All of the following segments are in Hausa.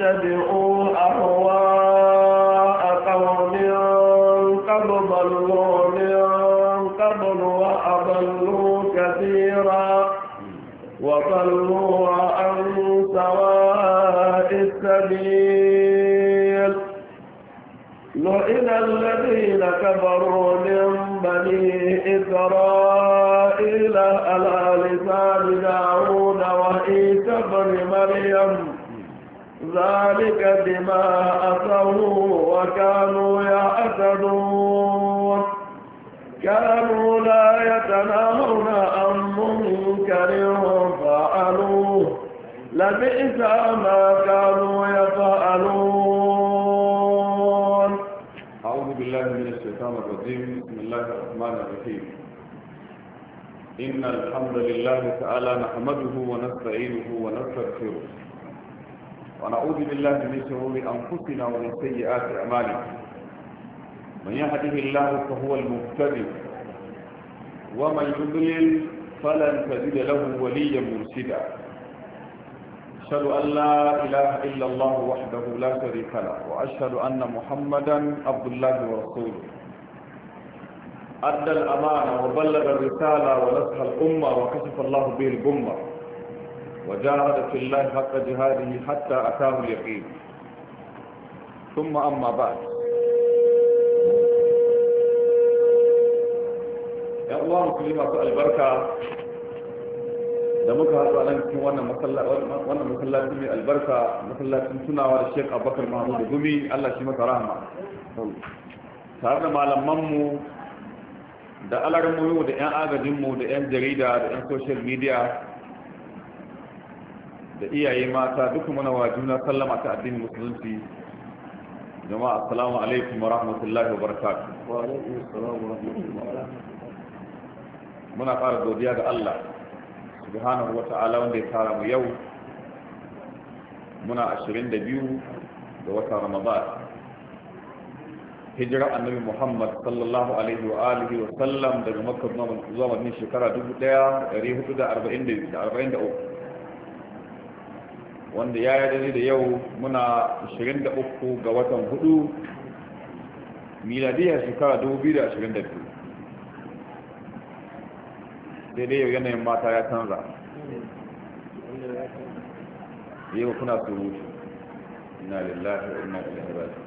تتبعوا أهواء قوم قد ضلوا من قبل وأضلوا كثيرا وضلوا عن سواء السبيل لئن الذين كفروا من بني إسرائيل على لسان داود وعيسى بن مريم ذلك بما أتوا وكانوا يعتدون كانوا لا يتناهون عن منكر فعلوه لبئس ما كانوا يفعلون أعوذ بالله من الشيطان الرجيم بسم الله الرحمن الرحيم إن الحمد لله تعالى نحمده ونستعينه ونستغفره ونعوذ بالله من شرور أنفسنا ومن سيئات أعمالنا من يهده الله فهو المهتدي ومن يضلل فلن تجد له وليا مرشدا أشهد أن لا إله إلا الله وحده لا شريك له وأشهد أن محمدا عبد الله ورسوله أدى الأمانة وبلغ الرسالة ونصح الأمة وكشف الله به الأمة وجاهد في الله حق جهاده حتى أتاه اليقين ثم أما بعد ya Allah musulmi masu albarka da muka haɗu a nan cikin wannan masallacin mai albarka masallacin tunawa da Sheikh Abubakar Mahmud Gumi Allah shi masa rahama tare da malamanmu da alarmomi da 'yan agajinmu da 'yan jarida da 'yan social media da iyaye mata duka muna wa juna sallama ta addinin musulunci jama'a assalamu alaikum wa rahmatullahi wa barakatuh wa alaikum assalam wa rahmatullahi muna fara godiya ga Allah subhanahu wa ta'ala wanda ya tara mu yau muna 22 ga Ramadan hijira annabi Muhammad sallallahu alaihi wa alihi wa sallam daga Makka zuwa Madina shekara 1443 wanda ya yi dare da yau muna 23 ga watan 4 miladiyar shekara 2022 daidai yau yanayin mata ya canza yau kuna surutu na lillahi a ina ilaihi raji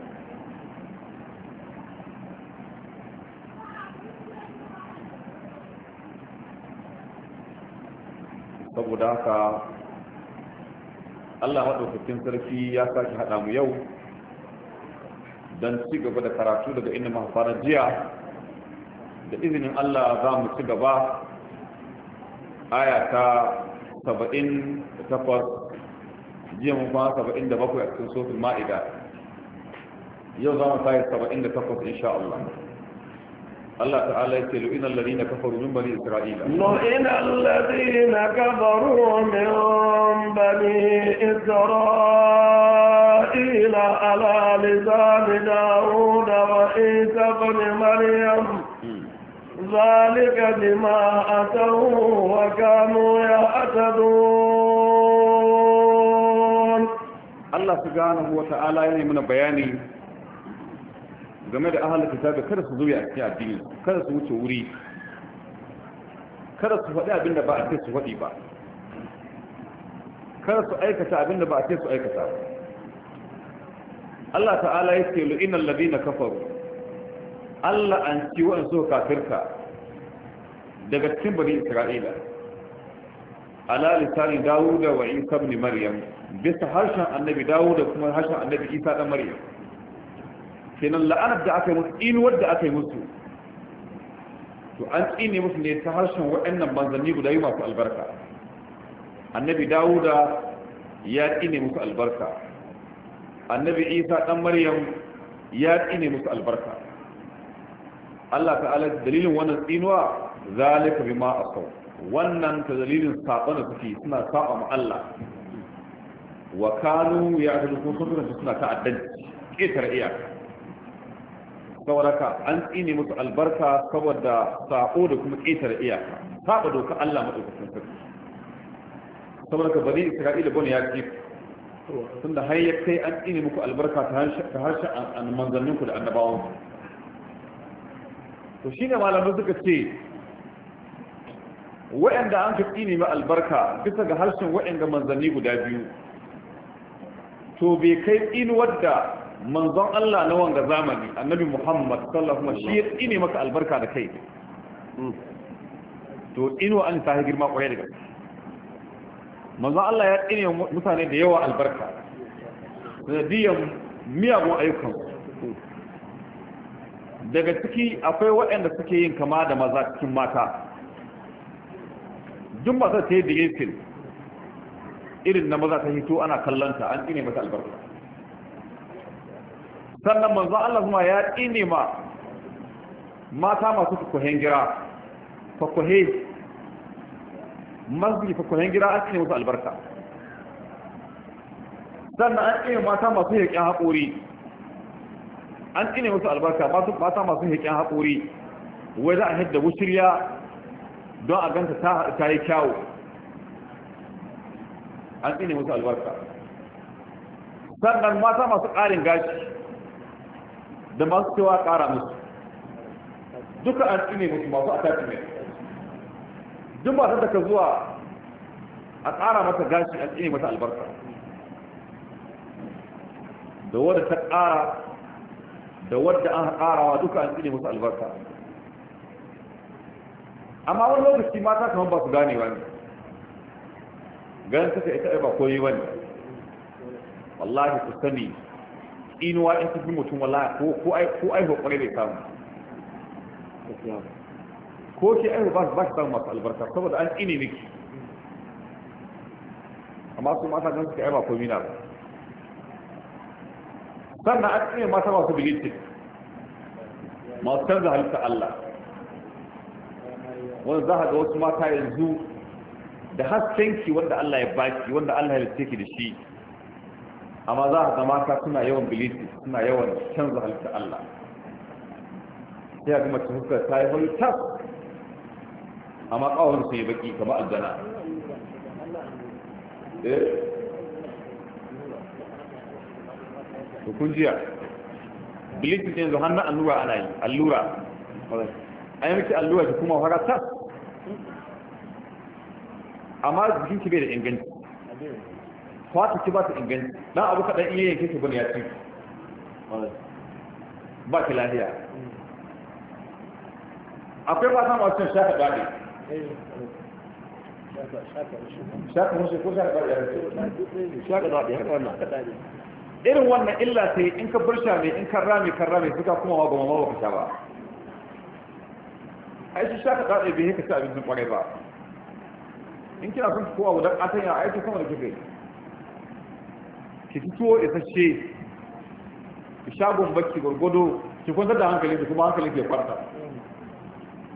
saboda haka Allah maɗaukakin sarki ya sake haɗa mu yau don ci gaba da karatu daga inda ma fara jiya da izinin Allah za mu ci gaba aya ta 78 jiya saba'in da 77 a cikin sofin ma'ida yau za mu tayi 78 insha Allah الله تعالى يقول إن الذين كفروا من بني إسرائيل نعم. إن الذين كفروا من بني إسرائيل على لسان داود وعيسى بن مريم ذلك بما أتوا وكانوا يعتدون الله سبحانه وتعالى يعني من بياني game da ahalar kitabi kada su zuya a cikin addini kada su wuce wuri kada su faɗi abinda ba a ce su faɗi ba kada su aikata abinda ba a ce su aikata Allah ta'ala ya ce lu'inan ladina kafaru Allah an ci wa'an so kafirka daga cikin bani Isra'ila ala lisani Dawuda wa Isa ibn Maryam bisa harshen annabi Dawuda kuma harshen annabi Isa dan Maryam kenan la'anar da aka yi musu inuwar da aka yi musu to an tsine musu ne ta harshen waɗannan manzanni guda yi masu albarka annabi dawuda ya tsine musu albarka annabi isa ɗan maryam ya tsine musu albarka Allah ta'ala dalilin wannan tsinuwa zalika bima asaw wannan ta dalilin sabon da suke suna saba ma Allah wa kanu ya'tadu kusurun suna ta'addanci ƙetare iyaka sauraka an tsine musu albarka saboda sako da kuma ƙetare iyaka saba doka Allah maɗaukakin sarki saboda ka bani isra'ila bane ya ce tunda har ya kai an tsine muku albarka ta harshen manzanninku da annabawan to shi ne malamai suka ce wa'anda an ka tsine ma albarka bisa ga harshen wa'anda manzanni guda biyu to bai kai tsinuwar da manzon Allah na wanga zamani annabi Muhammad sallallahu alaihi wasallam shi ine maka albarka da kai hmm. to ino an sahi girma koyar da manzon Allah ya ine mutane da yawa albarka sanadiyan miyagun ayyukan hmm. daga ciki akwai waɗanda suke yin kama da maza cikin mata duk masu ta yi da irin na maza ta hito ana kallanta an ine mata albarka sannan manzo Allah kuma ya tsine ma mata masu fukuhen gira fukuhe masu fukuhen gira a cikin wasu albarka sannan an tsine mata masu heƙin haƙori an tsine wasu albarka mata masu heƙin haƙori wai za a hidda wushirya don a ganta ta ta yi kyawu an tsine wasu albarka sannan mata masu ƙarin gashi da masu cewa ƙara musu duka an tsine musu masu attachment duk masu da ka zuwa a ƙara mata gashi an tsine masa albarka da wadda ta ƙara da wadda an wa duka an tsine musu albarka amma wani lokaci mata kamar ba su gane wani ganin suka ita ba koyi wani wallahi ku sani inuwa in tafi mutum wala ko ko ai ko ai hokore bai samu ko ke ai ba ba samu masu albarka saboda an ini niki amma su mata kan suka ai ba komai na ba sannan an tsine mata masu bilitin masu canza halitta Allah wanda za a ga wasu mata yanzu da haskenki wanda Allah ya baki wanda Allah ya halitta ki da shi amma za a zama ta suna yawan bilisi suna yawan canza halittar Allah sai a kuma cikin ta yi halittar amma kawon su yi baki kama aljana eh kun jiya bilisi ne zuwa hannun allura ana yi allura an yi miki allura ki kuma fara tas amma jikin ki bai da inganci fata ki ba ta inganci dan abu kaɗan iya yanke ta bane ya ci ba ki lahiya. akwai ba samu cin shaka daɗe shaka mushe ko shaka daɗe shaka daɗe haka wannan irin wannan illa sai in ka bar shame in ka rame kan rame suka kuma wa goma mawa ka sha ba ai shi shaka daɗe bai yi ka ci abincin kwarai ba in kina son kowa wadar atanya a ta sama da kike ki fito isasshe ki sha bakki gwargwado ki kwanta da ki kuma hankalinki ya kwarta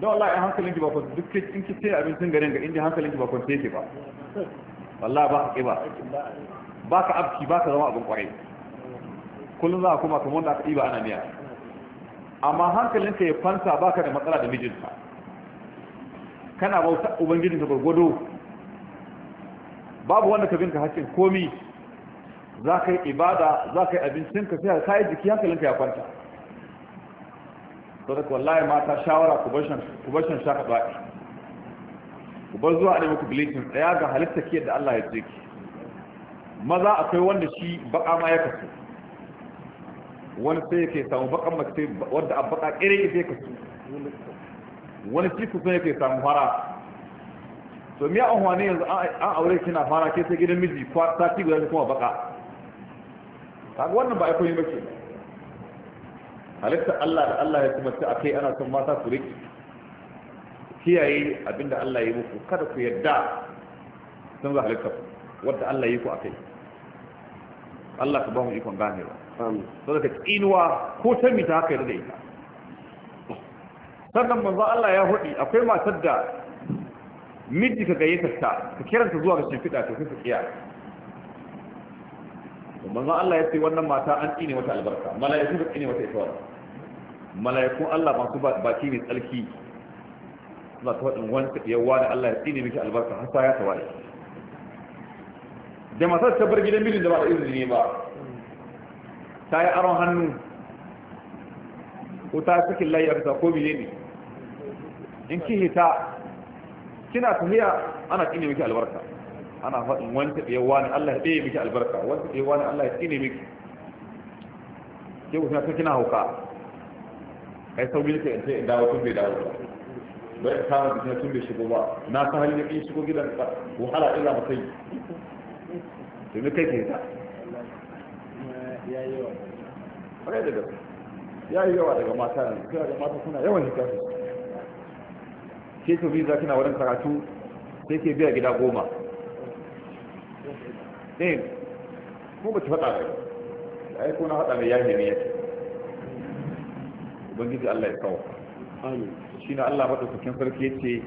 don ya in hankalinki ba kwanci duk in ki sai abincin garin ga inda hankalinki ba kwanci yake ba wallahi ba ka ƙiba ba ka abki ba ka zama abin kwarai kullum za a kuma kamar da aka ɗiba ana miya amma hankalinka ya kwanta ba ka da matsala da mijinta kana bauta ka gwargwado babu wanda ka binka hakkin komi za ka yi ibada za ka yi abincinka sai ka yi jiki hankalinka ya kwanta sau da wallaye mata shawara ku bashan shaka ba'i ku bar zuwa ne muku bilikin tsaya ga halitta ke da Allah ya tsiki maza akwai wanda shi baka ma ya kasu wani sai yake samu bakan mace wadda a baka kere ya sai kasu wani shi ku sai yake samu fara to miya an wane yanzu an aure kina fara ke sai gidan miji sati guda kuma baka kaga wannan ba aikoyi ba ke halitta Allah da Allah ya kuma ce a kai ana son mata su riƙe kiyaye abinda Allah ya muku kada ku yarda sun za halitta ku wadda Allah ya yi ku a kai Allah ka ba mu ikon gane ba so daga inuwa ko ta mi ta haka yadda ita sannan manzo Allah ya hudi akwai matar da miji ka gayyata ta ka kiranta zuwa ga shimfiɗa to sai ka kiyaye manzon Allah ya ce wannan mata an tsine mata albarka mala'iku ba tsine mata ita mala'ikun Allah masu baki ne tsarki suna ta wadin wani yawa da Allah ya tsine miki albarka har sai ya tawaye da masar ta bar gidan birnin da ba da izini ba ta yi aron hannu ko ta cikin layi a bisa ko biye ne in ki hita kina tafiya ana tsine miki albarka ana faɗin wani taɓe yawa ne Allah ya ɗaya miki albarka wani taɓe yawa ne Allah ya tsine miki ke kusa suna kina hauka kai sau milka in ce in dawo tun bai dawo ba bai in kama bikin tun bai shigo ba na ta hali na kai shigo gidan ka wahala illa ba kai domin kai ke ta ya yi yawa daga mata ne kuna da mata suna yawan hikasu ke kina wurin karatu sai ke biya gida goma ɗin mu faɗa ne da ya faɗa ne ya yi ne ya allah ya kawo shi na allah mata sukin sarki ce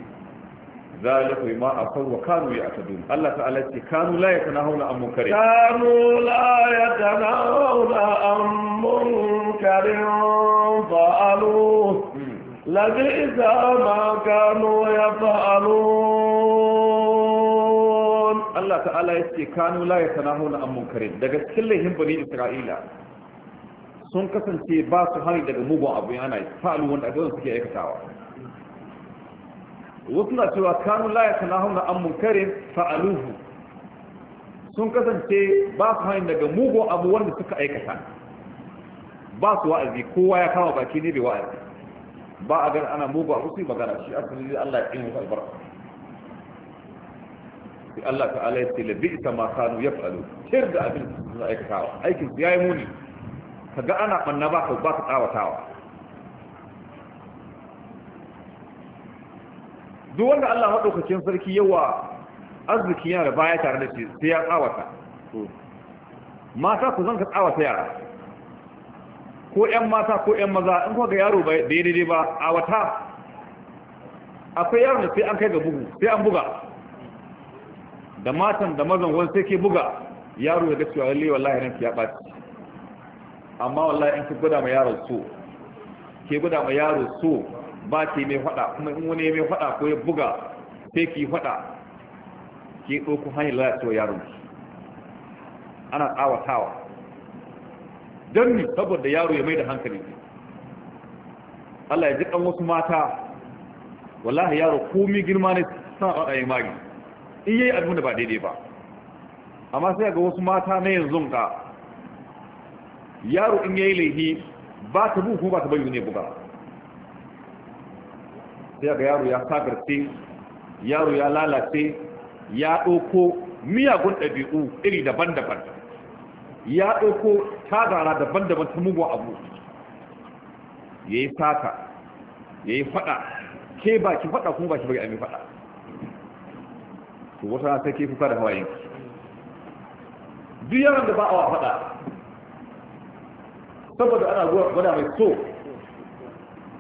za a yi kuma a kawo wa kanu ya ta dun allah ta ala ce kanu la ya tana haula an munkare kanu la ya tana haula an munkare fa'alu hmm. lajisa ma kanu ya fa'alu Allah ta'ala ya ce kanu la ya tanahu na ammun kare daga cikin laifin bani isra'ila sun kasance ba su hali daga mugun abu yana fa'alu wanda abin suke aikatawa wasu na cewa kanu la ya tanahu na ammun kare fa'aluhu sun kasance ba su hali daga mugun abu wanda suka aikata ba su wa'azi kowa ya kama baki ne bai wa'azi ba a gan ana mugun abu su yi magana shi asali Allah ya ƙin wasu albarka sai Allah ta'ala ya ce la bi'sa ma kanu yaf'alu shir da abin da aikatawa aikin su yayi muni kaga ana banna ba ka ba ka tsawatawa duk wanda Allah madaukakin sarki yawa arziki yana da baya tare da shi sai ya tsawata mata ku zan ka tsawata yara ko ƴan mata ko ƴan maza in kuwa ga yaro bai daidai ba a wata akwai yaron da sai an kai ga bugu sai an buga da matan da mazan wani sai ke buga yaro ya gaskiya lalle wallahi ranki ya ɓaci amma wallahi in ki gwada ma yaro so ke gwada ma yaro so ba ke mai faɗa kuma in wani mai faɗa ko ya buga sai ki faɗa ke ɗauko hanyar lalacewa yaron ki ana tsawatawa don ni saboda yaro ya mai da hankali Allah ya ji ɗan wasu mata wallahi yaro komi girma ne sana ɗaɗa ya magi in yi abin da ba daidai ba amma sai ga wasu mata na yanzu ka yaro in yayi laifi ba ta bu ko ba ta bayyana ne buga sai ga yaro ya sagarce yaro ya lalace ya ɗauko miyagun ɗabi'u iri daban-daban ya doko tagara daban-daban ta mugun abu ya yi sata ya yi faɗa ke ba ki faɗa kuma ba ki bari a mai faɗa to wata ta ke kuka da hawayen ki duk yaron da ba a faɗa saboda ana gwada mai so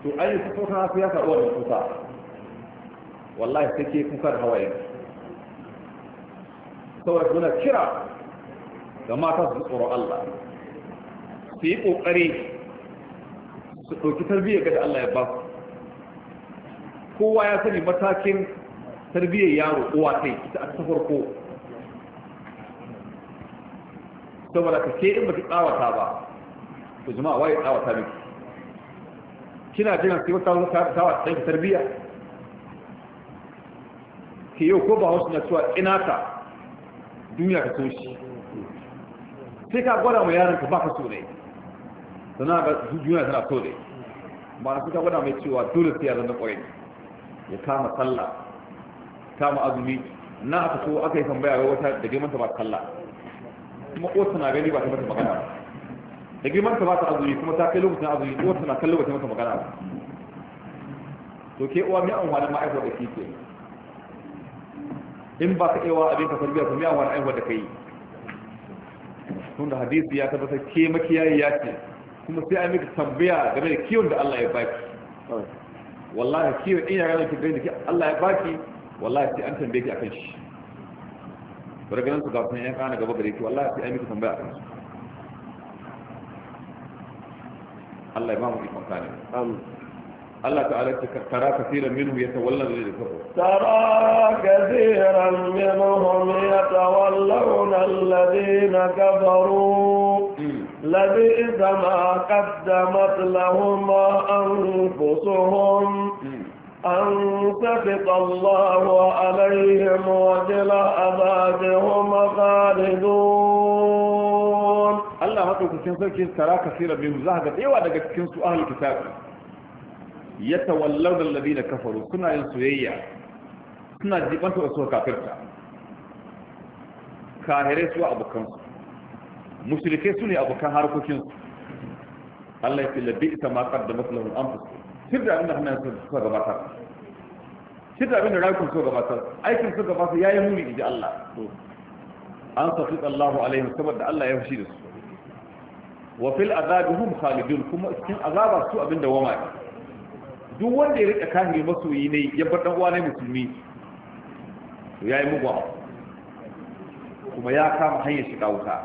to an yi kuka ta fi ya faɗi wani kusa. wallahi ta ke kuka da hawayen ki saboda muna kira ga mata su tsoron Allah su yi ƙoƙari su ɗauki tarbiyyar ga da Allah ya ba su kowa ya sani matakin tarbiyyar yaro uwa kai ita a ta farko saboda ka ke in baki tsawata ba to jama'a waye tsawata miki kina jiran sai wata wata tsawata ta tarbiyya ke yau ko ba wasu na cewa ina ta duniya ka toshi sai ka gwada ma yaron ka baka so ne sana ga duniya tana so ne ba na suka gwada mai cewa dole sai ya zama kwarai ya kama sallah kama azumi na aka so aka yi tambaya ga wata da girman ta ba ta kalla kuma kowace na gani ba ta mata magana da girman ta ba ta azumi kuma ta kai lokacin azumi kowace na kallo ba ta mata magana ba to ke uwa mai amfani ma'aikata da kike in ba ka ewa abin ka tarbiyya to mai amfani aiwata da kai tun da hadisi ya tabbatar ke makiyayi ya ce kuma sai an miki tambaya game da kiwon da Allah ya baki wallahi kiwon in ya gane ki gani Allah ya baki wallahi sai an tambaye ki akan shi bari ganin su ga sun yan kana gaba gare ki wallahi sai an miki tambaya akan shi Allah ya ba mu ikon kane amin الله تعالى ترى كثيرا منهم يتولون الكفر ترى كثيرا منهم يتولون الذين كفروا لبئس ما قدمت لهم أنفسهم م. أن سخط الله عليهم وجل أبادهم خالدون الله هاتو كتن سوكي ترى كثيرا منهم زهدت إيوا دقا كتن سؤال الكتاب يتولون الذين كفروا كنا ينسويا كنا جيبان سوى كافرتا كاهري سوى أبو كنسو مشركي سوني أبو كان هاركو كنسو الله يتلبئت ما قدمت لهم أنفسهم shirda abin da hannun suka gabatar shirda abin da rakun suka gabatar aikin suka gabatar ya yi muni inji Allah an safi Allahu alaihim saboda Allah ya fushi da su wa fil azabi hum khalidun kuma cikin azaba su abinda da wama duk wanda ya rika kahiri masoyi ne ya bar dan uwa ne musulmi to yayi mugwa kuma ya kama hanyar shiga wuta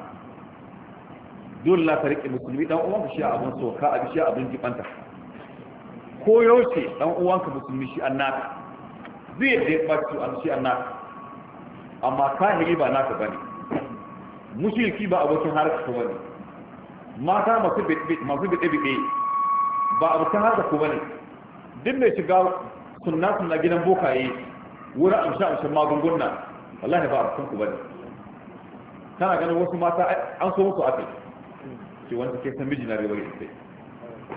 dole la ka rike musulmi dan uwan shi abin soka abin shi abin jibanta ko yaushe dan uwanka musulmi shi annaka zai da ya ɓaci an shi annaka amma kahiri ba naka bane mushriki ba abokin harka ka bane mata masu biɗe biɗe ba abokin harka ko bane duk mai shiga sunna sunna gidan bokaye wura amsha amsha magunguna wallahi ba abokin ku bane kana ganin wasu mata an so musu akai ce wanda ke san miji na rewaye sai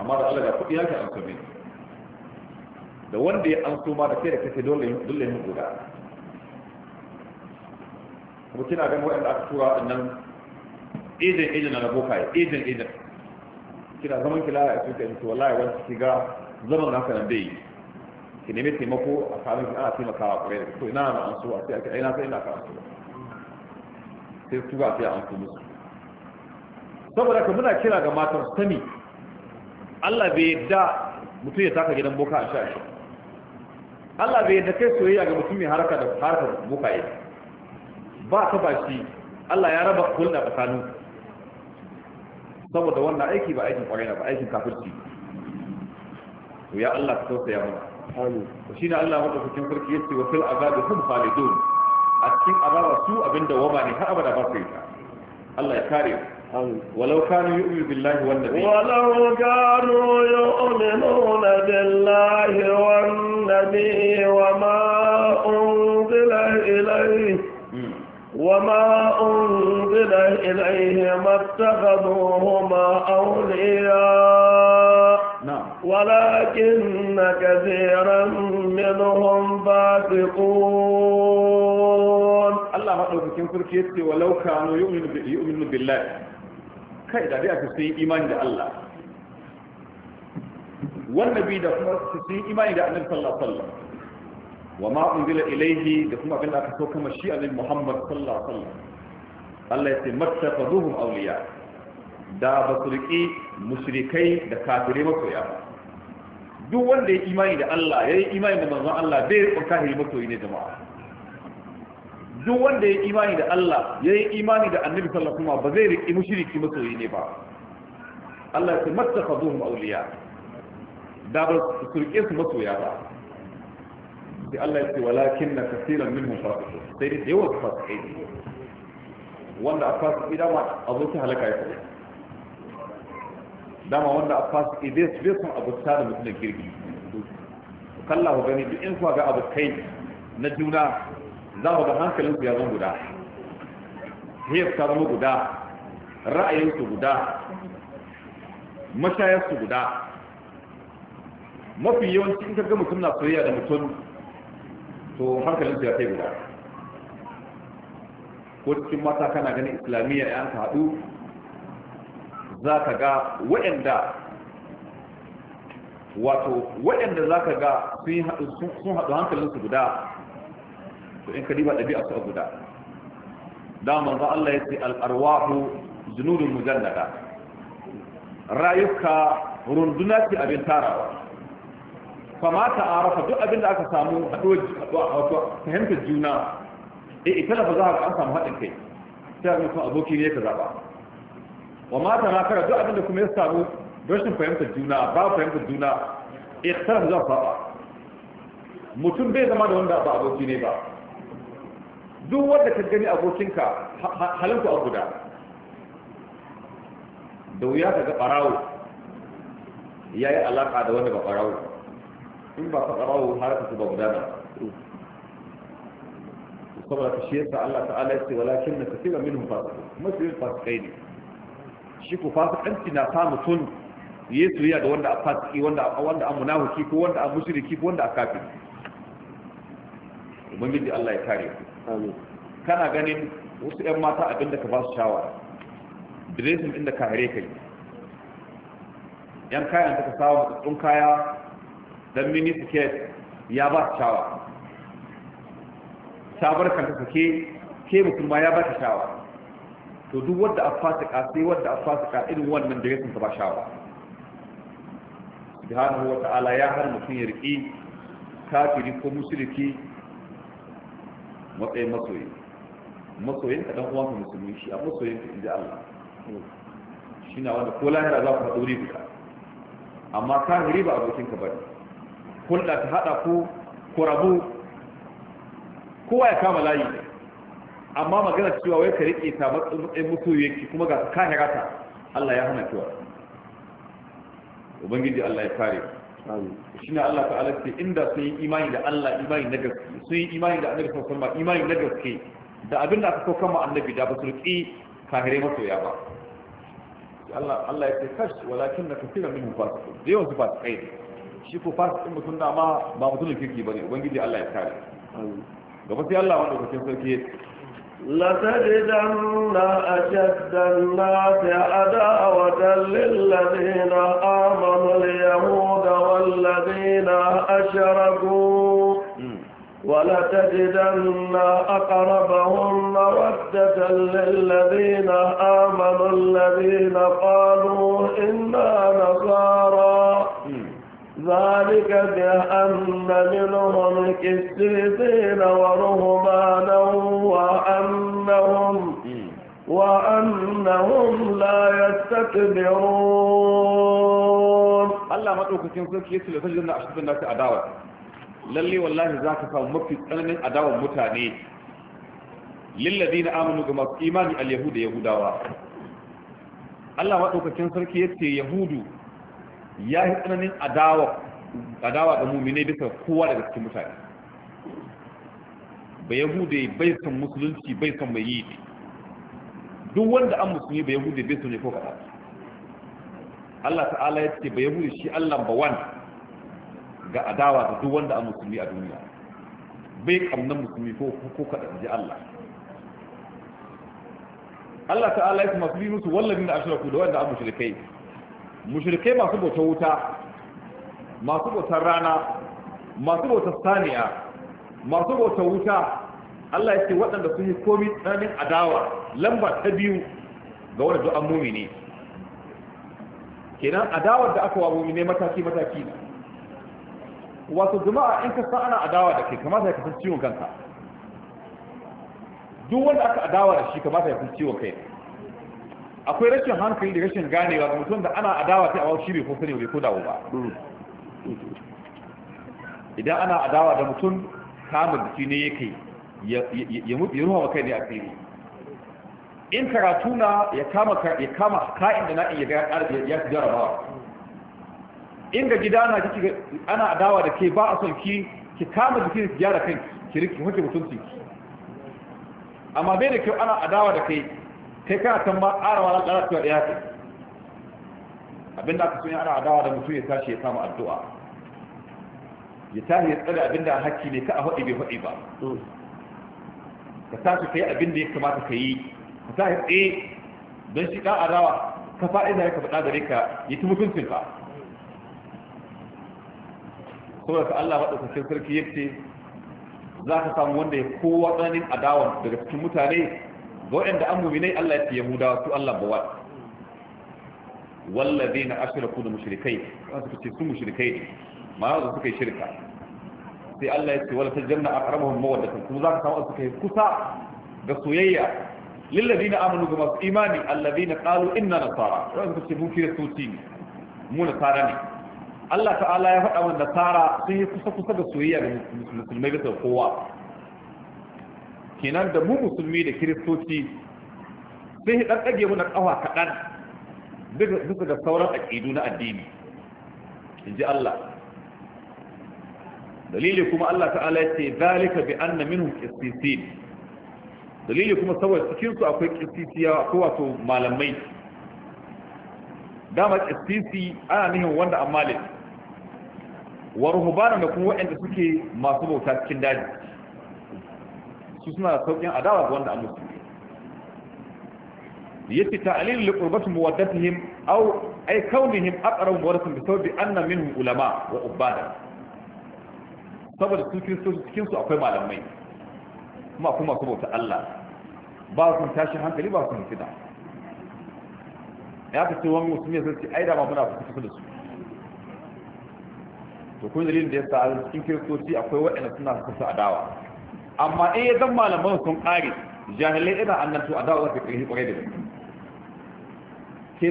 amma da Allah ga kuɗi yake an so mini da wanda ya an suma da kai da kake dole dole ne guda kuma kina ganin waɗanda aka tura waɗannan ejen ejen na bokaye ejen ejen kina zaman kila a cikin kai to wallahi wani shiga ga zaman naka nan dai ki nemi taimako a kamin ana taimakawa kwarai da to ina na an suwa sai ai na sai ina ka an sai su ga sai an kuma musu saboda ka muna kira ga matan sani Allah bai da mutum ya taka gidan boka a sha'ashin Allah bai yadda kai soyayya ga mutum mai haraka da harkar bukaye ba ta ba shi Allah ya raba hulɗa tsakanin saboda wannan aiki ba aikin kwarai ba aikin kafirci to ya Allah ka tausaya mu amin shi ne Allah wanda cikin sarki yace wa fil azabi hum khalidun a cikin azaba su abinda waba ne har abada ba su yi Allah ya kare mu ولو كانوا يؤمنون بالله والنبي ولو كانوا يؤمنون بالله والنبي وما أنزل إليه وما أنزل إليه ما اتخذوهما أولياء نعم ولكن كثيرا منهم فاسقون الله أكبر كنت ولو كانوا يؤمنون بالله kai da dai su yi imani da Allah wannabi da kuma su yi imani da annabi sallallahu alaihi wa ma unzila ilayhi da kuma abin da aka so kama shi annabi Muhammad sallallahu alaihi wasallam Allah ya ce mattafaduhum awliya da ba su riƙi mushrikai da kafirai masoya ba duk wanda ya imani da Allah ya yi imani da manzon Allah bai riƙon kafiri masoyi ne jama'a duk wanda ya imani da Allah ya yi imani da annabi sallallahu alaihi ba zai riƙi mushriki masoyi ne ba Allah ya ce mattakhadhum awliya da ba su riƙe su masoya ba sai Allah ya ce walakin na kaseeran minhum fasiqun sai dai yawa fasiqai wanda a fasu, fasiqi dama abokin halaka ya faɗi dama wanda a fasu, fasiqi bai son abuta da mutum girgi kallahu gani duk in kuwa ga abu kai na juna za ku ga hankalin ku ya zama guda hiyar ta zama guda ra'ayin su guda mashayar su guda mafi yawanci in ka ga mutum na soyayya da mutum to hankalin su ya kai guda ko cikin mata kana ganin islamiyya ya ka haɗu za ka ga waɗanda wato waɗanda za ka ga sun haɗu hankalinsu guda to in ka diba ɗabi'a su guda da manzo Allah ya ce al-arwahu junudun mujallada rayuka runduna ce abin tarawa fama ta arafa duk abin da aka samu haɗuwa fahimtar juna eh ita da za ka an samu haɗin kai sai abin kuma aboki ne ka zaɓa wa ma na kara duk abin da kuma ya samu rashin fahimtar juna ba fahimtar juna eh ta za ka zaɓa mutum bai zama da wanda ba aboki ne ba duk wanda ka gani abokinka halinku a guda da wuya ka ga ɓarawo ya yi alaƙa da wanda ba ɓarawo in ba ka ɓarawo har ka ba guda ba kuma ka shi yasa Allah ta'ala ya ce walakin na kasira minhum fasiqun masu yin fasikai ne shi ku fasikanci na sa mutum ya soyayya da wanda a fasiki wanda wanda a munafiki ko wanda a mushriki ko wanda a kafiri ubangiji Allah ya kare ku kana ganin wasu 'yan mata abinda ka ba su shawara dresin inda ka hare kai yan kayan da ka samu matsatsun kaya don mini siket ya ba su shawa. sabar kanta sake ke mutum ma ya ba ta shawa, to duk wadda a fasika sai wadda a fasika irin wannan dresin ka ba shawa. subhanahu wa ta'ala ya har mutum ya riki kafiri ko musulki matsayin masoyi masoyin ka dan ka musulmi shi a masoyin ka inda Allah shi na wanda ko lahira za ku haɗu riba amma kafiri ba abokin ka bane hulɗa ta haɗa ku ku rabu kowa ya kama layi amma magana cewa wai ka riƙe ta matsayin masoyi yake kuma ga ka hirata Allah ya hana kiwa ubangiji Allah ya kare ku shine Allah ta'ala ce inda sun yi imani da Allah imani na gaske sun yi imani da annabi sallallahu alaihi wasallam imani na gaske da abin da aka sauka ma annabi da ba su riƙi kafirai masoya ba Allah Allah ya ce kash walakin na kafira min fasiku da yawan su fasikai ne shi ko fasikin mutum da ma ba mutum kirki bane ubangiji Allah ya kare gaba sai Allah wanda kake sarki لتجدن أشد الناس عداوة للذين آمنوا اليهود والذين أشركوا ولتجدن أقربهم مودة للذين آمنوا الذين قالوا إنا نصارى ذلك بأن منهم كسرين ورهبانا وأنهم وأنهم لا يستكبرون الله ما تقول كثير كثير كثير كثير لنا أشد الناس أداوة للي والله ذاك فهم مكي تسألني أداوة متاني للذين آمنوا كما إيمان اليهود يهوداوا الله ما تقول كثير كثير يهود ya yi tsananin adawa da ga muminai bisa kowa daga cikin mutane ba yahude bai san musulunci bai san mai yi duk wanda an musulmi ba yahude bai san ne ko kaɗa Allah ta'ala ya ce ba yahude shi Allah ba wani ga adawa da duk wanda an musulmi a duniya bai kamnan musulmi ko ko kaɗa ji Allah Allah ta'ala ya ce masu bi musu wallafin da ashiraku da wanda an kai. mushrikai masu bauta wuta masu bautar rana masu bautar saniya masu bautar wuta Allah ya ce waɗanda sun yi komi tsananin adawa lamba ta biyu ga wanda du'an mumini kenan adawar da aka wa mumini mataki mataki ne wato jama'a in ka san ana adawa da kai kamata ya kasance ciwon kanka duk wanda aka adawa da shi kamata ya kasance ciwon kai akwai rashin hankali da rashin ganewa ga mutum da ana adawa ta awa shi bai ko sani bai ko dawo ba hmm. idan ana adawa da mutum da shi ne ya kai ya ruwa kai ne a fili in karatu na ya kama ka'in da na'in ya fi jarabawa in ga gida na kiki ana adawa da ke ba a son ki ki kama jiki ki gyara kanki ki rike mutuncinki amma bai da kyau ana adawa da kai kai kana kan ma ƙara wani ƙara tuwa ɗaya ce abinda aka sun ana adawa da mutum ya tashi ya samu addu'a ya tashi ya tsada abinda hakki ne ka a faɗi bai faɗi ba ka tashi ka yi abinda ya kamata ka yi ka tashi tsaye don shi ɗan adawa ka fa'ida ya ka faɗa gare ka ya ci mutuncin ka saboda ka Allah maɗaukakin sarki ya ce za ka samu wanda ya kowa tsananin adawa daga cikin mutane waɗanda an muminai Allah ya ce yahudawa su Allah ba wani wallazina ashraku da mushrikai wanda suka ce su mushrikai ne ma su suka yi shirka sai Allah ya ce wala tajanna aqrabahum mawaddatan kuma za ka samu suka yi kusa ga soyayya lillazina amanu ga masu imani allazina qalu inna nasara wanda suka ce mun kiristoci ne mu nasara ne Allah ta'ala ya faɗa wa nasara sun yi kusa kusa ga soyayya ga musulmai bisa kowa kenan da mu musulmi da kiristoci sai ya mu na ƙawa kaɗan duka da sauran aƙidu na addini in ji Allah dalili kuma Allah ta'ala ya ce zalika bi anna minhum qissisin dalili kuma saboda cikin su akwai qissisiya ko wato malamai dama qissisi ana nihin wanda amma ne wa ruhbana da kuma waɗanda suke masu bauta cikin daji su suna da sauƙin adawa ga wanda an musu yace ta'lil li qurbati muwaddatihim aw ay kaunihim aqrab muwaddatin bi sawbi anna minhum ulama wa ubada saboda su cikin su akwai malamai kuma kuma su bauta Allah ba su tashi hankali ba su fitna ya ka ce wani musulmi sai ce ai da ma muna kusa da su to kun dalilin da yasa cikin kiristoci akwai waɗanda suna kusa adawa amma in ya zan malaman sun kare jahilai ina annantu a dawowa ta ƙarfi ƙwarai da gaske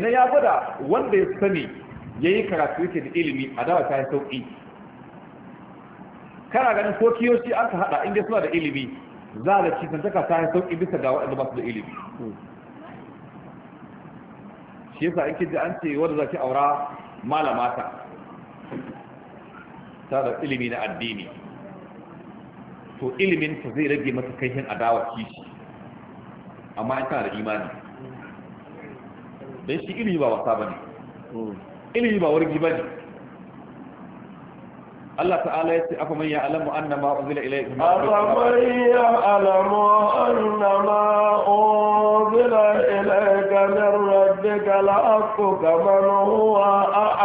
na ya gwada wanda ya sani ya yi karatu yake da ilimi a dawa ta yi sauƙi kana ganin ko kiyoshi an ka haɗa inda suna da ilimi za a da taka ta yi sauƙi bisa ga waɗanda ba su da ilimi shi yasa in kiji an ce wanda za ki aura malamata ta da ilimi na addini to ilimin ta zai rage masa kaihin adawar kishi amma in da imani don shi ilimi ba wasa ba ne ilimi ba wargi ba ne Allah ta'ala ya ce afa man ya'lamu anna ma unzila ilayhi min rabbika afa man ya'lamu anna ma unzila ilayka min rabbika la'akku kama huwa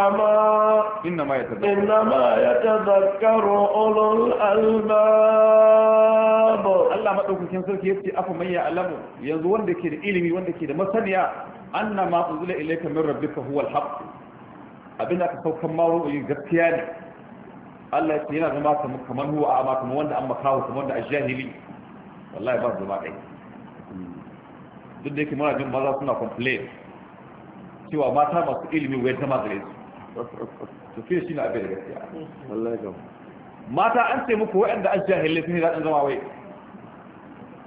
a'ma إنما يتذكر إنما يتذكر أولو الألباب الله ما تقول كن سلك يبتي أفو من يعلم ينزو وندك إلمي وندك مسنيا أن ما أنزل إليك من ربك هو الحق أبنك سوف ما رؤي جبتياني الله يتينا زماك كمان هو أعماك موند أما كاو كمان الجاهلي والله بعض زماك duk da yake muna jin maza suna complain cewa mata masu ilimi wai zama gare su to fi shi na abin da gaskiya mata an ce muku waɗanda an jahilai sun yi daɗin zama wai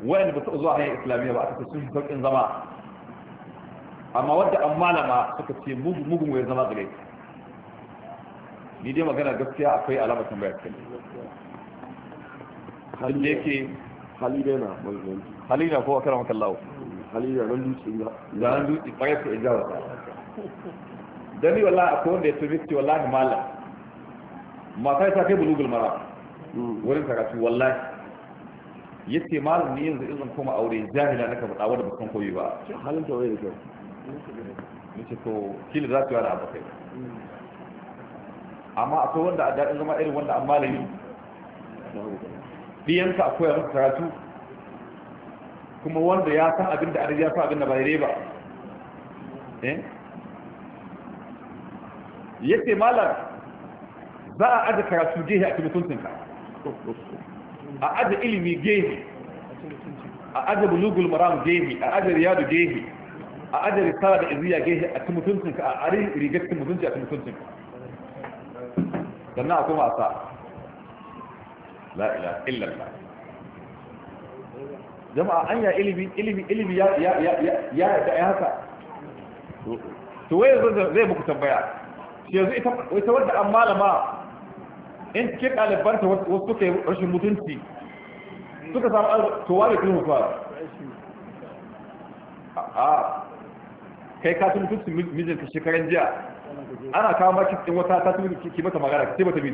waɗanda ba su zuwa hanyar islamiyya ba a ce sun sauƙin zama amma wadda an malama suka ce mugun wai zama gare ni dai magana gaskiya akwai alamar tambayar kai halin da yake halida na ko akara makallawo halida nan dutse ya nan dutse su da ni wallahi akwai wanda ya tafi ce wallahi malam mata ta kai bulugul mara hmm. wurin karatu wallahi yace malam ni yanzu izin kuma aure jahila naka ba wanda da bakan koyi ba halin ta waye kyau ce to kila za ta yi wani amma akwai wanda a daɗin zama irin wanda an malami biyanka a akwai masa karatu kuma wanda ya san abin da ya san abin da bai reba. ba eh yace malar za a aje karatu gehe a mutuntunka a aje ilimi gehe a aje bulugul maram gehe a aje riyadu gehe a aje risala da iziya gehe a mutuntunka a ari rigar mutunci a mutuntunka sannan a kuma a sa la'ila illallah jama'a an ya ilimi ilimi ilimi ya ya ya ya ya haka to waye zai muku tambaya yanzu ita wadda an malama in cikin ɗalibanta wasu suka yi rashin mutunci suka samu arziki to ware kuma fara a kai ka tun mijinta mijin ka shekaran jiya ana kawo maki cikin wata ta tun ki mata magana ka mata bata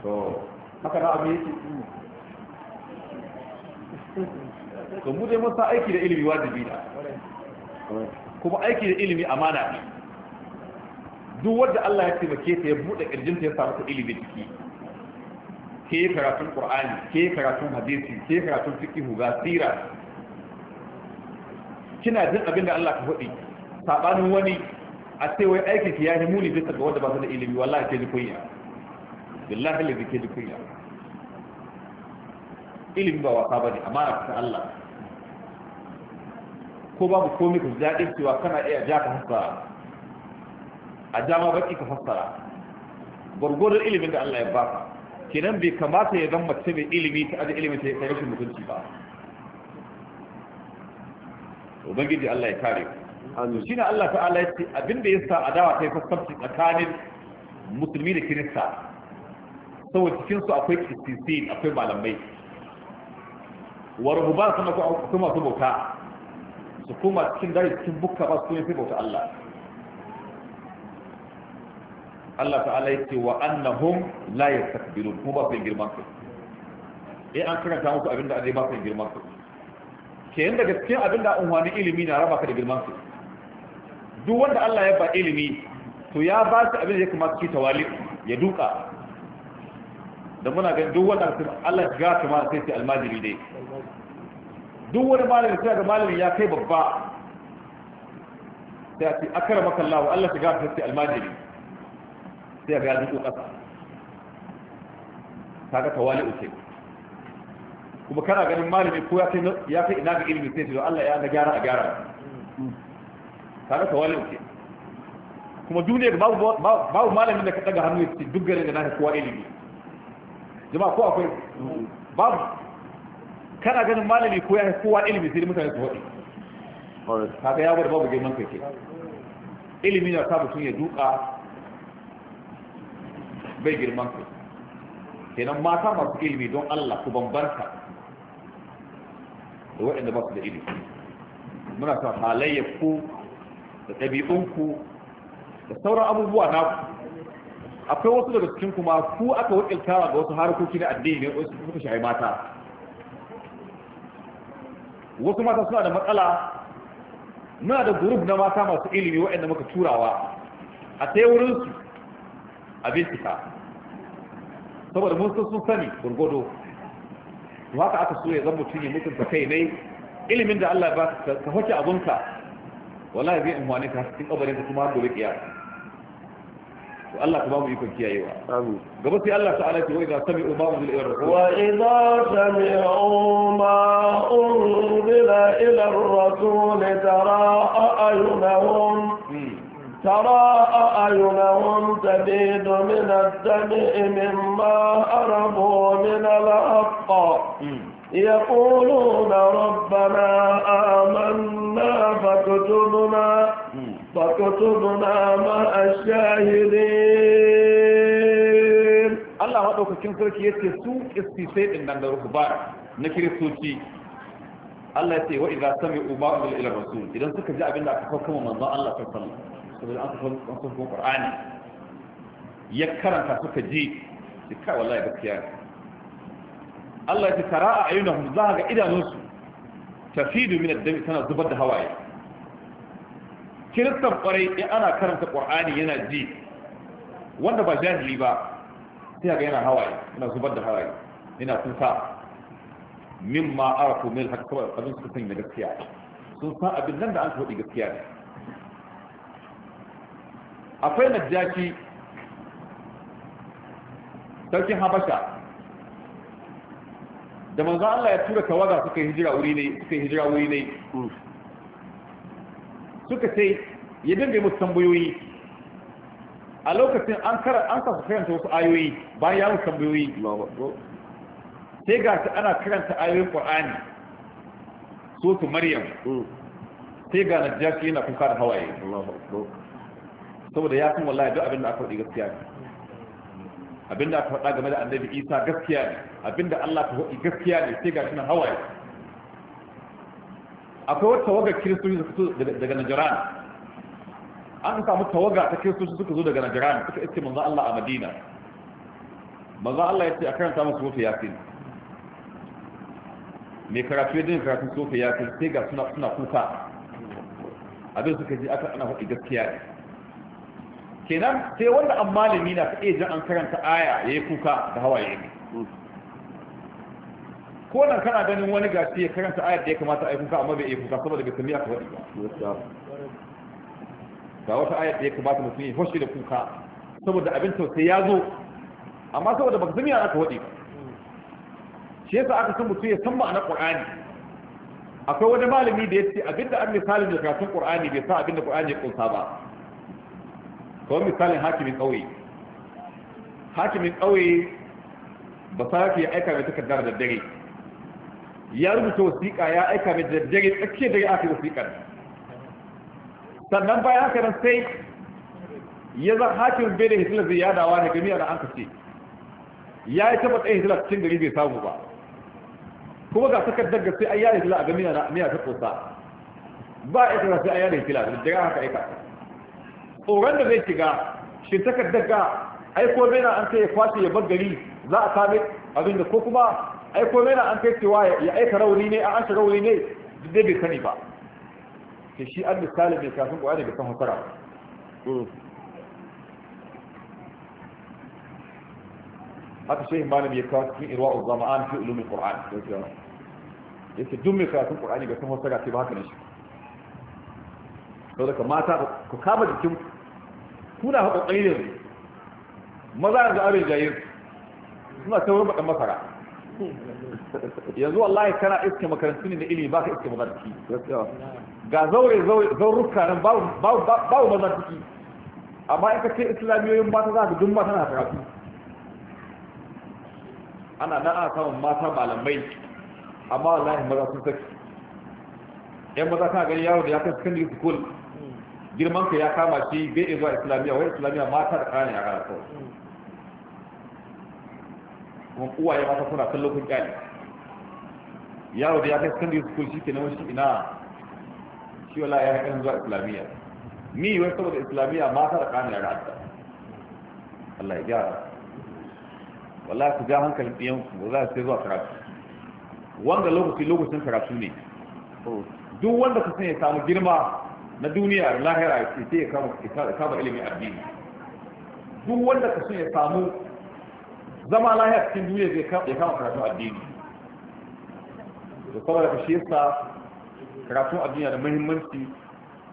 to haka na abu yake to mu dai mun sa aiki da ilimi wajibi na kuma aiki da ilimi amana ne duk wanda Allah ya taimake ta ya bude kirjinta ya samu ilimi ciki ke karatun qur'ani ke karatun hadisi ke karatun fiqh ga sira kina jin abin da Allah ka faɗi sabanin wani a sai wai aikin ki ya yi muni bisa ga wanda ba su da ilimi wallahi ke ji kunya billahi ke ji kunya ilimi ba wasa bane amana ta Allah ko babu komai ka daɗin cewa kana iya ja ka fassara a dama baki ka fassara gwargwadon ilimin da Allah ya baka kenan bai kamata ya zama mace mai ilimi ta ajiye ilimin ta ya rashin mutunci ba ubangiji Allah ya kare ku shine Allah ta'ala ya ce abinda ya sa adawa ta yi fassarci tsakanin musulmi da kirista saboda cikin su akwai kristisin akwai malamai wa rububan kuma akwai masu bauta su kuma cikin dare cikin bukka ba su fi bauta Allah Allah ta'ala ya ce wa annahum la yastakbirun kuma ba su girman su, eh an karanta muku abinda Allah ba su girman su, kenan daga cikin abinda unwani ilimi na raba ka da girman su, duk wanda Allah ya ba ilimi to ya ba su abinda ya kamata ki tawali ya duka da muna ganin duk wanda Allah ya ga kuma sai sai almajiri dai duk wani malami sai ga malami ya kai babba sai a ce akara maka Allah Allah shiga ta sai almajiri sai ga ya ko kasa kaga tawali uke kuma kana ganin malami ko ya kai ya kai ina ga ilimi sai ce Allah ya ga gyara a gyara kaga tawali uke kuma duniyar babu babu malami da ka daga hannu ya ce duk garin da na naka kowa ilimi jama'a ko akwai babu kana ganin malami ko ya kowa ilimi sai mutane su waɗi kaga ya bar babu girman kake ilimi na sa mutum ya duka bai girman kai kenan mata masu ilimi don Allah ku bambanta da waɗanda ba su da ilimi muna sa halayyarku da ɗabi'unku da sauran abubuwa na akwai wasu daga cikin kuma ku aka wakiltawa ga wasu harkoki na addini ne wasu suka shahi mata wasu mata suna da matsala muna da gurub na mata masu ilimi waɗanda muka turawa a sai wurinsu a bincika saboda mun sun sani gurgudu to haka aka so ya zama mutum ya mutunta kai ne ilimin da Allah ya ba ka hoce abunka wallahi zai in ka cikin kabarin kuma har gobe kiyasa الله كما يكون كي ايوا امين الله تعالى تي واذا سمعوا ما انزل الى واذا سمعوا ما انزل الى الرسول ترى اعينهم ترى اعينهم تبيد من الدمع مما اربوا من الحق يقولون ربنا امنا فاكتبنا فكتبنا مع الشاهدين الله maɗaukakin sarki ya ce su istisai ɗin nan da rukubar na kiristoci Allah ya ce wa idza sami'u ma unzila ila rasul idan ji abin da aka kawo kuma manzon Allah sallallahu alaihi wasallam saboda an ya karanta suka ji ce kai wallahi gaskiya Allah ya ce tara a ayyunahum za ga idanunsu tafidu min dami tana zubar da hawaye kiristan kwarai in ana karanta qur'ani yana ji wanda ba jahili ba sai ga yana hawaye yana zubar da hawaye yana sun sa min kuka mimma arafu haka hakka abin su san gaskiya sun san abin nan da an faɗi gaskiya ne akwai najjaki sarkin habasha da manzo Allah ya tura tawaga suka hijira wuri ne suka hijira wuri ne mm. suka ce ya dinga musu tambayoyi a lokacin an kara an kafa karanta wasu ayoyi bayan ya musu tambayoyi sai ga ta ana karanta ayoyin qur'ani su maryam hmm. sai ga najjashi yana kuka da hawaye saboda ya san wallahi duk abin da aka faɗi gaskiya ne abin da aka faɗa game da annabi isa gaskiya ne abin da allah ta faɗi gaskiya ne sai ga shi na hawaye akwai wata tawaga kiristoci daga najiran an samu tawaga ta kiristoci suka zo daga najiran suka iske manzo Allah a madina manzo Allah ya ce a karanta musu wata yasin mai karatu ya yadda karatun sofa ya sai ga suna suna kuka abin suka ji aka ana faɗi gaskiya ne kenan sai wanda an malami na kaɗe jan an karanta aya ya yi kuka da hawaye ne ko nan kana ganin wani gashi ya karanta ayar da ya kamata a yi kuka amma bai yi kuka saboda bai sami aka faɗi ba ga wata ayar da ya kamata mutum ya fashe da kuka saboda abin tausayi ya zo amma saboda baka sami aka faɗi ba shi yasa aka san mutum ya san ma'anar qur'ani akwai wani malami da ya ce abinda an misalin da karatun qur'ani bai sa abinda qur'ani ya kunsa ba kawai misalin hakimin ƙauye hakimin ƙauye ba sa ya aika mai takardar da dare ya rubuta wasiƙa ya aika mai jirgin tsakiyar dare aka yi wasiƙar sannan bayan haka nan sai ya zan hakin bai da hitler zai yadawa ne gami da an kace ya yi taba tsaye hitler cikin gari bai samu ba kuma ga sakar daga sai an yada hitler a gami da miya ta kosa ba a ita sai an yada hitler da jirgin haka aika tsoron da zai shiga shi takardar ga aiko bai na an sai ya kwashe ya bar gari za a sami abinda ko kuma ai komai na an kai cewa ya aika rauni ne an shi rauni ne duk dai bai sani ba ke shi an misali mai kafin ƙwari da kan hukara haka shi malam ya kawo cikin irwa uzama an fi ulumin qur'an ya ce duk mai karatun qur'ani ga san hukara sai ba haka ne shi sau daga mata ku kama jikin kuna haƙoƙari ne maza da abin jayin suna ta wurin baɗan masara yanzu wallahi kana iske makarantu ne da ilimi ba ka iske mazarki ga zaure zauruka nan babu mazarki amma in ka ce islamiyoyin mata za ka dun mata na karatu ana na ana samun mata malamai amma wallahi maza sun saki yan maza kana gani yaro da ya kai secondary school girman ka ya kama shi bai zuwa islamiyya wai islamiyya mata da kana ya karatu kuma uwaye mata kuna kallon kun kyale yaro da ya kai secondary school shi ke na wani ina shi wala ya kai zuwa islamiyya ni wai saboda islamiyya mata da kanin da adda Allah ya gyara wallahi ku ja hankalin ɗiyan ku za su zuwa karatu wanda lokaci lokacin karatu ne duk wanda ka sanya samu girma na duniya lahira ya ce ya kama ilimin addini duk wanda ka sanya samu zama lahiya cikin duniya zai ya kama karatu addini da kuma da kashe sa karatun addini da muhimmanci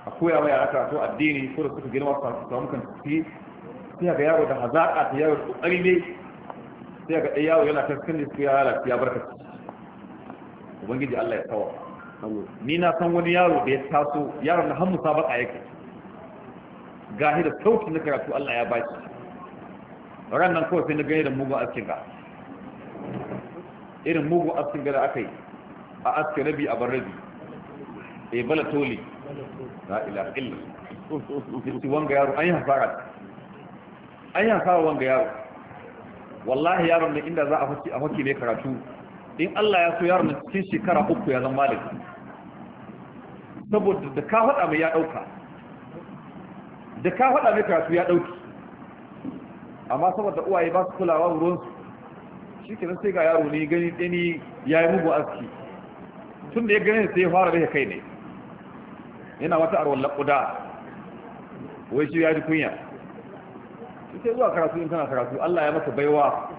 a koya wa yara karatu addini ko da suka girma su samu kan tafi sai ga yaro da hazaƙa ta yaro kokari ne sai ga ɗaya yaro yana kan sanda su ya lalace ya barka su ubangiji Allah ya tawa ni na san wani yaro da ya taso yaron da har a yake gahi da sauki na karatu Allah ya baki ran nan kawai sai na gani da mugun askin ga irin mugun askin ga da aka yi a aske rabi a bar rabi e bala toli la ilaha illa yace wanga yaro an yi hasara an yi hasara wanga yaro wallahi yaron nan inda za a faki a faki ne karatu in Allah ya so yaron nan cikin shekara uku ya zama malami saboda da ka hada mai ya ɗauka da ka hada mai karatu ya ɗauki amma saboda uwaye ba su kulawa su shi kenan sai ga yaro ne gani ɗani ya yi mugu aski tun da ya gani sai ya fara rage kai ne yana wata arwallar laƙuda wai shi ya ji kunya sai zuwa karatu in kana karatu Allah ya masa baiwa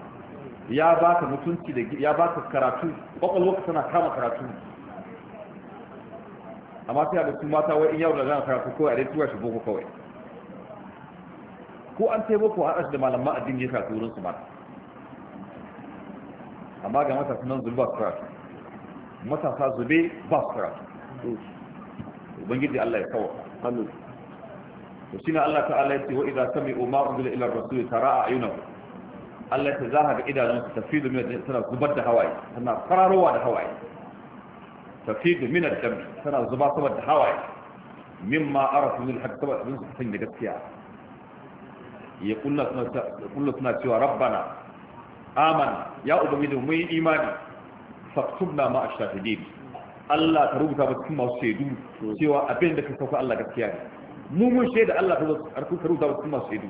ya baka mutunci da ya baka karatu kwakwalwarka tana kama karatu amma sai da su mata wai in yau da zan karatu kawai a dai tuwa shi boko kawai ko an taimako a da malaman addini ya karatu wurin su mata amma ga matasa nan zuba su karatu matasa zube ba su karatu ubangiji Allah ya kawo amin to shine Allah ta'ala ya ce wa idza sami'u ma unzila ila rasul tara'a ayunahu Allah ya zaha ga idanun su tafidu min tana zubar da hawaye tana fararowa da hawaye tafidu min ad-dam tana zuba saboda hawaye mimma arafu min al-haqq saboda abin su san da gaskiya ya kulla suna cewa rabbana aman ya ubangiji mun yi imani faktubna ma a ashahidin Allah ta rubuta ba cikin masu shaidu cewa abin da ka sauka Allah gaskiya ne mu mun shaida Allah ta rubuta ba cikin masu shaidu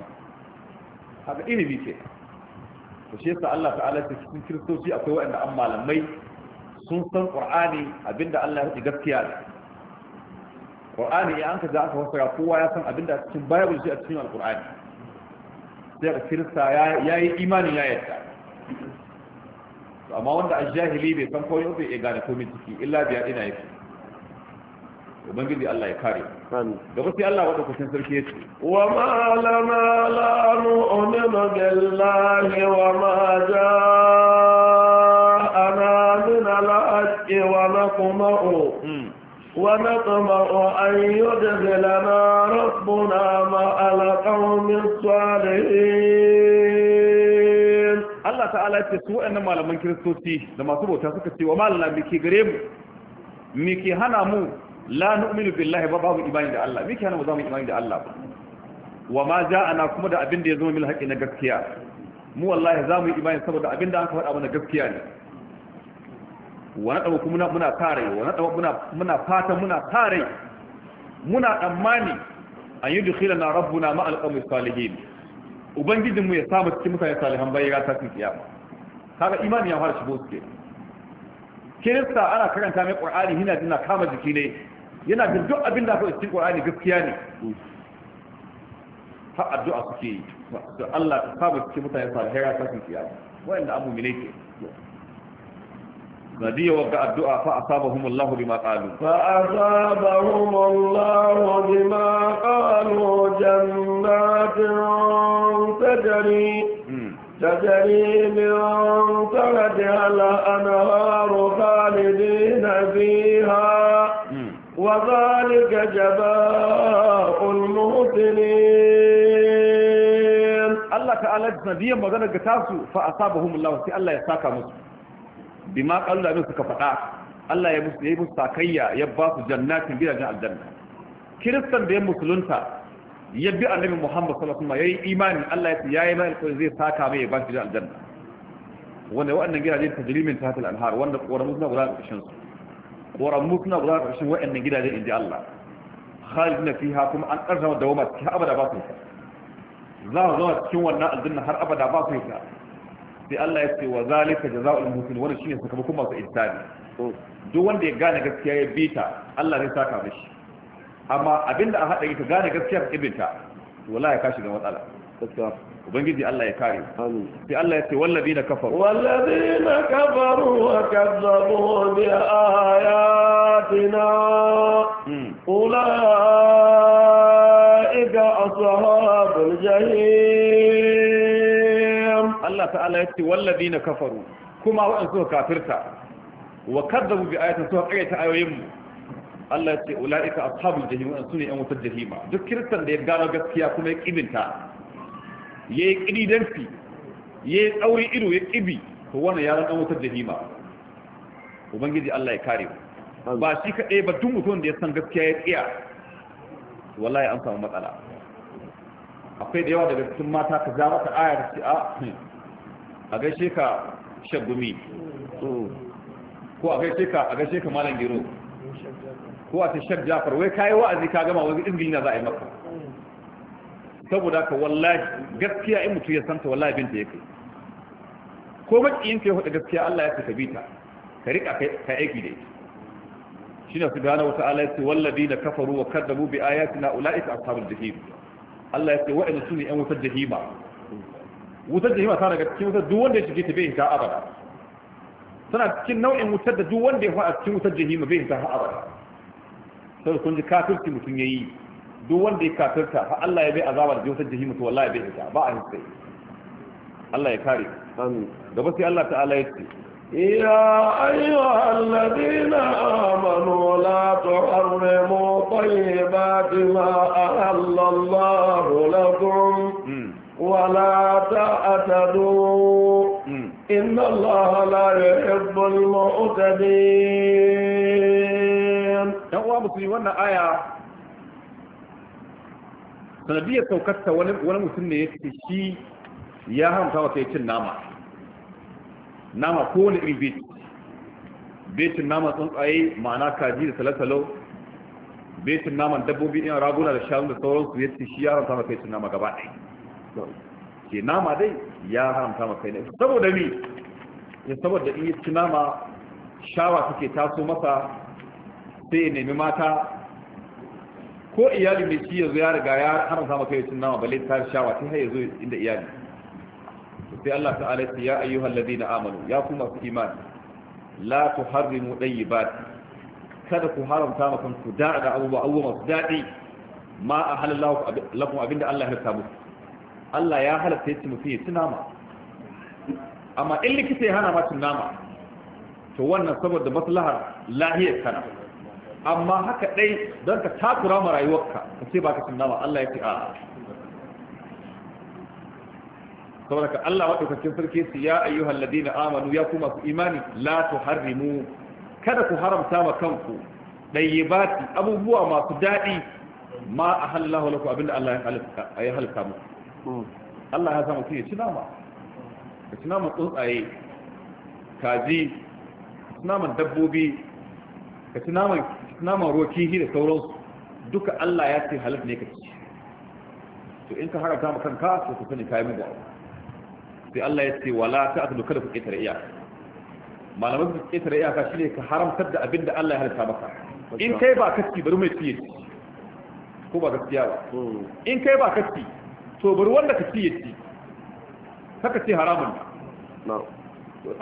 haka ilimi ke to shi yasa Allah ta'ala ta cikin kiristoci akwai waɗanda an malamai sun san qur'ani abinda Allah ya faɗi gaskiya ne qur'ani ya an ka za aka fasara kowa ya san abinda cikin bible shi a cikin alqur'ani sai a kirista ya yi imanin ya yadda amma wanda a jahili bai san koyo bai iya gane komai ciki illa biya ina yake ubangiji Allah ya kare gaba sai Allah wadda kusan sarki ya ce wa ma lana la nu'minu billahi wa ma ja'ana min al na kuma o. ونطمع أن يدخلنا ربنا مع القوم الصالحين الله تعالى يتسوء أن malaman kiristoci da masu bauta suka ce wa malala miki gare mu miki hana mu la nu'minu billahi ba babu imani da Allah miki hana mu zamu imani da Allah wa ma ja'ana kuma da abin da ya zama mil haƙi na gaskiya mu wallahi zamu imani saboda abin da aka faɗa mana gaskiya ne wani ɗaba kuma muna kare wani ɗaba muna fata muna kare muna tsammani an yi dukkila na rabbuna ma alƙamu salihin ubangijinmu ya samu cikin mutane salihan bayan ya tafi kiyama kaga imani ya fara shigo kirista ana karanta mai ƙwar'ani yana jina kama jiki ne yana da duk abin da aka cikin ƙwar'ani gaskiya ne ha addu'a suke yi da Allah ta samu cikin mutane salihai ya tafi kiyama wa'anda abu mine ke نبي وقع الدعاء فأصابهم الله بما قالوا فأصابهم الله بما قالوا جنات تجري تجري من تحتها الأنهار خالدين فيها وذلك جزاء المحسنين الله تعالى نبي مغنى قتاسوا فأصابهم الله سي الله يساكى مسلم bima qalu abin suka faɗa Allah ya musu yayi musu sakayya ya ba su jannatin gidajen aljanna kiristan da ya musulunta ya bi annabi Muhammad sallallahu alaihi wasallam yi imani Allah ya ce yayi mai alƙawari zai saka mai ya ba shi aljanna wanda waɗannan gidaje jirimin ta hatal anhar wanda ƙoramu suna guda ƙarshen su ƙoramu suna guda ƙarshen waɗannan gidaje inji Allah Khalid na fiha kuma an ƙarfa da wama cikin abada ba su yi za su zama cikin wannan aljanna har abada ba su yi sai Allah ya ce wa zalika jazaa'ul muhsin wannan shine sakamakon masu ihsani to duk wanda ya gane gaskiya ya bita Allah zai saka mishi amma abinda a hada ka gane gaskiya ka ibinta wallahi ka shiga matsala gaskiya ubangiji Allah ya kare sai Allah ya ce wallazina kafaru wallazina kafaru wa kadzabu bi ayatina hmm. ulaika ashabul jahim ta'ala ya ce wallazi na kafaru kuma waɗansu suka kafirta wa kadzabu bi ayatin suka ƙaryata ayoyin mu Allah ya ce ula'ika ashabul jahim waɗanda sune ƴan wutar jahima duk kiristan da ya gano gaskiya kuma ya kibinta yayi kididanci yayi tsauri ido ya kibi to wannan ya ran wutar jahima ubangiji Allah ya kare ba shi kaɗai ba duk mutum da ya san gaskiya ya tsiya wallahi an samu matsala akwai da yawa daga cikin mata ka ja mata ayar ce a ah, hmm, a gaishe ka shagumi ko a gaishe ka a gaishe ka malam gero ko a ta shag jafar wai kayi wa'azi ka gama wani izgili na za a yi maka saboda ka wallahi gaskiya in mutu ya santa wallahi binta ya kai ko makiyin ka ya hudu gaskiya Allah ya ce ka ta ka rika ka aiki da ita shine subhanahu wata'ala yace walladina kafaru wa kadzabu bi ayatina ulaika ashabul jahim Allah ya yace wa'in sunni an wutar jahima wutar jahima tana daga cikin wutar duk wanda ya shige ta bai hita abada tana cikin nau'in wutar da duk wanda ya faɗa cikin wutar jahima bai hita abada sai kun ji kafirci mutum yayi duk wanda ya kafirta fa Allah ya bai azaba da wutar jahima to wallahi bai hita ba a hita Allah ya kare amin da ba sai Allah ta'ala ya ce يا أيها الذين آمنوا لا تحرموا طيبات ما أهل الله لكم ولا تعتدوا إن الله لا يحب المعتدين هو مسلم وانا آية sanadiyar saukarta wani mutum ne ya ce shi ya hamta wata ya cin nama nama ko wani irin beti betin nama tsuntsaye ma'ana kaji da talatalo betin naman dabbobi ɗin raguna da shanu da sauransu ya ce shi ya hamta wata ya cin nama gabaɗaya. ke nama dai ya haramta maka ne saboda ni ya saboda in yi nama shawa take taso masa sai ya nemi mata ko iyali mai shi yanzu ya riga ya haramta maka yacin nama balle ta shawa ta har yanzu inda iyali sai Allah ta'ala ya ya ayyuhal ladina amanu ya kuma su imani la tuharrimu dayyibat kada ku haramta maka ku da'a da abubuwa abubuwa masu dadi ma a halallahu lakum abinda Allah ya rubuta muku Allah ya halatta ya ci mutum ya ci nama amma in likita ya hana ma cin nama to wannan saboda maslahar lahiyar kana amma haka dai don ka takura ma rayuwarka ka ce baka cin nama Allah ya ce a saboda ka Allah madaukakin sarki su ya ayyuhal ladina amanu ya kuma su imani la tuharrimu kada ku haramta ma kanku dayyibati abubuwa masu dadi ma ahallahu lakum abinda Allah ya halitta ya halitta muku Allah ya samu ya ci nama ka ci naman tsuntsaye kaji ci naman dabbobi ka ci naman ruwa kihi da sauransu duka Allah ya ce halal ne ka ci to in ka haramta ma kanka to ka sani kayi mu da sai Allah ya ce wala ta'tadu kada ku ketare iya malamai su ketare shi ne ka haramtar da abinda Allah ya halitta maka in kai ba kaski bari mai ciye ko ba gaskiya ba hmm. in kai ba kaski to bari wanda ka ci yace saka ce haramun na'am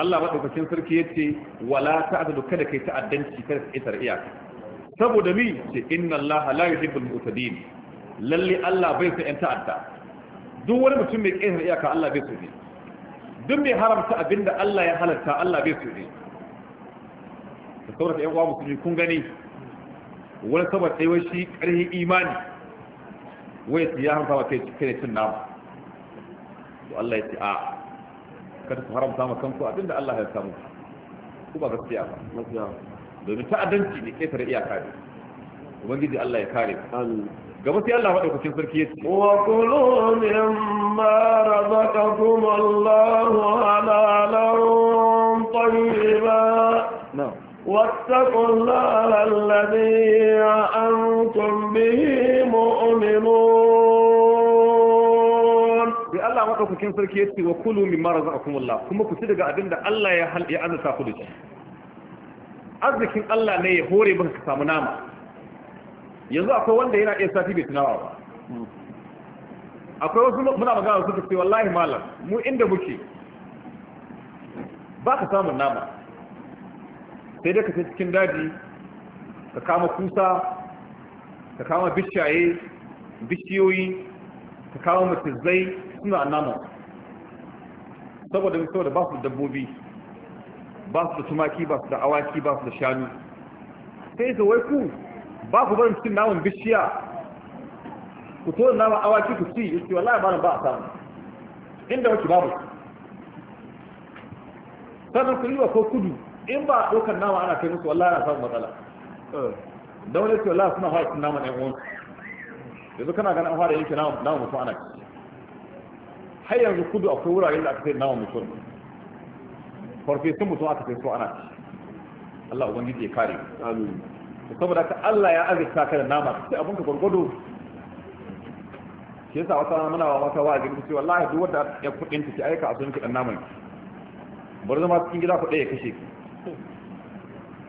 Allah madaukakin sarki yace wala ta'dadu kada kai ta'addanci kada ka isar iyaka saboda mi ce inna Allah la yuhibbul mu'tadin lalle Allah bai so yan ta'adda duk wani mutum mai kaisar iyaka Allah bai so ne duk mai haramta abinda Allah ya halatta Allah bai so ne da saurata ƴan uwa musulmi kun gani wani saboda tsaye shi karhi imani wai ya haramta ma kai ne cin nama to Allah ya ce a kada ku haramta ma kanku da Allah ya samu ku ba gaskiya ba domin ta'addanci ne ƙetare iyaka ne ubangiji Allah ya kare amin gaba sai Allah madaukakin sarki ya ce wa kulu mimma razaqakum Allahu halalan tayyiban واتقوا الله الذي أنتم به مؤمنون في الله مدعوك كن سركي يتي وكلوا مما رزقكم الله كما كتدق أبن دا الله يحل إعانة تأخذ arzikin Allah ne ya hore maka samu nama yanzu akwai wanda yana iya sati bai tunawa akwai wasu muna magana suka ce wallahi malam mu inda muke ba ka samun nama sai dai ka tafi cikin daji ka kama kusa ka kama bishiyaye bishiyoyi ka kama matizai suna annama saboda mai saboda ba su dabbobi ba su da tumaki ba su da awaki ba su da shanu sai su wai ku ba ku barin cikin naman bishiya ku to da naman awaki ku ci yake wallahi ba ba a samu inda wake babu sannan ku yi wa ko kudu in ba a ɗaukar nama ana kai musu wallahi ana samun matsala da wani ce wallahi suna fara nama ne uwan yanzu kana ganin an fara yanke nama mutum ana ci har yanzu kudu akwai wurare da aka sai nama mutum farfesun mutum aka sai su ana ci Allah ubangiji ya kare amin saboda ka Allah ya azurta ka da nama sai abun ka gwargwado ke sa wata muna wa wata wa'azi ku ce wallahi duk wanda ya kudin ta ce aika a sun kidan naman bari zama cikin gida ku ɗaya kashe ki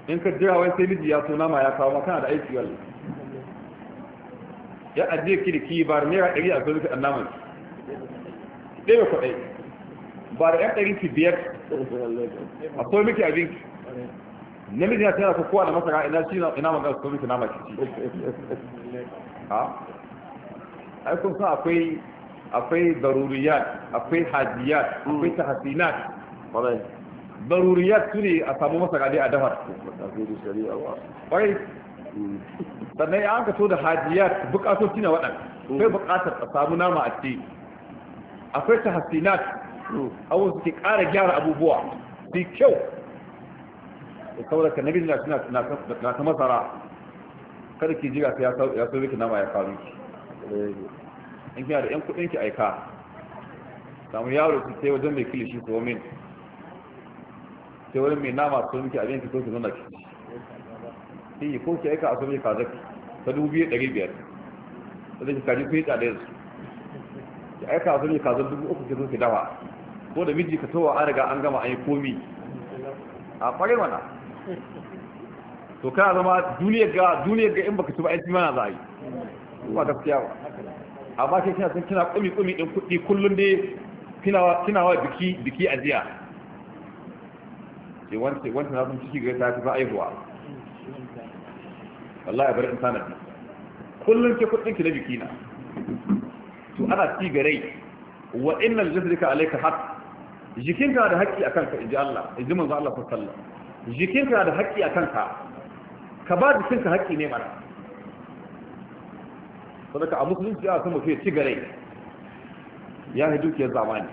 in ka jira wai sai miji ya so nama ya kawo maka da aiki wallahi ya ajiye ki da ki ba da naira ɗari a zo miki annaman ɗaya ba kwaɗai ba da ɗan ɗari ki biyar a so miki abin ki namiji na tana kowa da masara ina shi ina magana so miki nama ki ci a ai kun san akwai akwai daruriyat akwai hajiyat akwai tahsinat daruriyat su ne a samu masa dai a dafa ƙwarai sannan ya aka so da hajiyar bukatoci na waɗanda sai bukatar a samu nama a ce akwai ta hasinat abu suke ƙara gyara abubuwa su kyau da saboda ka nabi na ta masara kada ki jira sai ya sauye ki nama ya faru in kina da 'yan kuɗin ki aika samu yaro su sai wajen mai kilishi su min sai wurin mai nama sun miki abinci ko ki zauna ki shi ko ki aika a sami kaza ta dubu biyu ɗari biyar da zai kaji kuyi tsada yanzu ki aika a sami kaza dubu uku ki zo ki dawa ko da miji ka towa an riga an gama an yi komi a kwarai mana to kana zama duniyar ga duniyar ga in baka ci ba mana za a yi ba gaskiya ba amma ke kina san kina kumi kumi din kuɗi kullum dai kina wa biki biki ajiya ce wance na sun ciki gare ta ta aihuwa wallahi bar insana kullun ke kudin ki na biki na to ana ci gare wa innal jazrika alayka haqq jikinka da haƙƙi akan ka inji Allah inji manzo Allah sallallahu alaihi wasallam jikinka da haƙƙi akan ka ka ba jikinka haƙƙi ne mana sadaka a musulunci a sama sai ci gare ya hidu ke zamani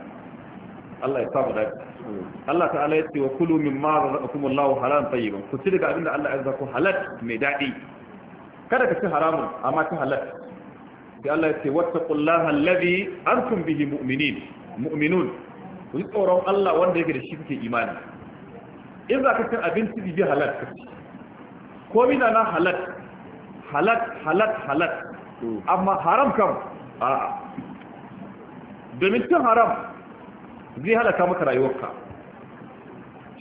Allah ya samu dace Allah ta'ala ya ce wa kulu mimma razaqakumullahu halalan tayyiban ku ci daga abinda Allah ya zaka ku halal mai dadi kada ka ci haramun amma ta halal sai Allah ya ce wattaqullaha alladhi antum bihi mu'minin mu'minun ku yi tsoron Allah wanda yake da shi kuke imani in za ka ci abinci bi halal ko mina na halal halal halal halal amma haram kam a'a domin cin haram zai halaka maka rayuwarka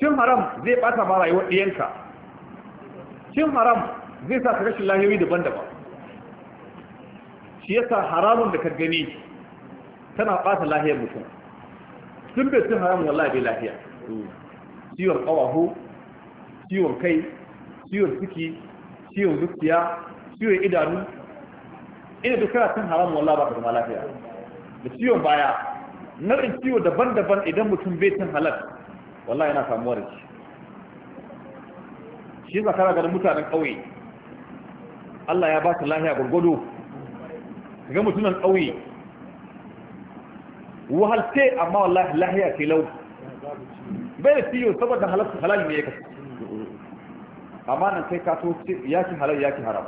cin haram zai bata ma rayuwar ɗiyanka cin haram zai sa ka rashin lahiyoyi daban-daban shi yasa haramun da ka gani tana bata lahiyar mutum sun bai cin haramun wallahi bai lahiya ciwon ƙawahu ciwon kai ciwon ciki ciwon zuciya ciwon idanu ina duk kana cin haramun wallahi ba ka zama lafiya da ciwon baya nau'in ciwo daban-daban idan mutum bai cin halal wallahi yana samuwar da shi shi zakara ganin mutanen ƙauye Allah ya ba su lahiya gwargwado ga mutunan ƙauye wahalce amma wallahi lahiya ce lau bai da fiyo saboda halal ne ya kasu amma nan sai kaso ya ci halal ya ci haram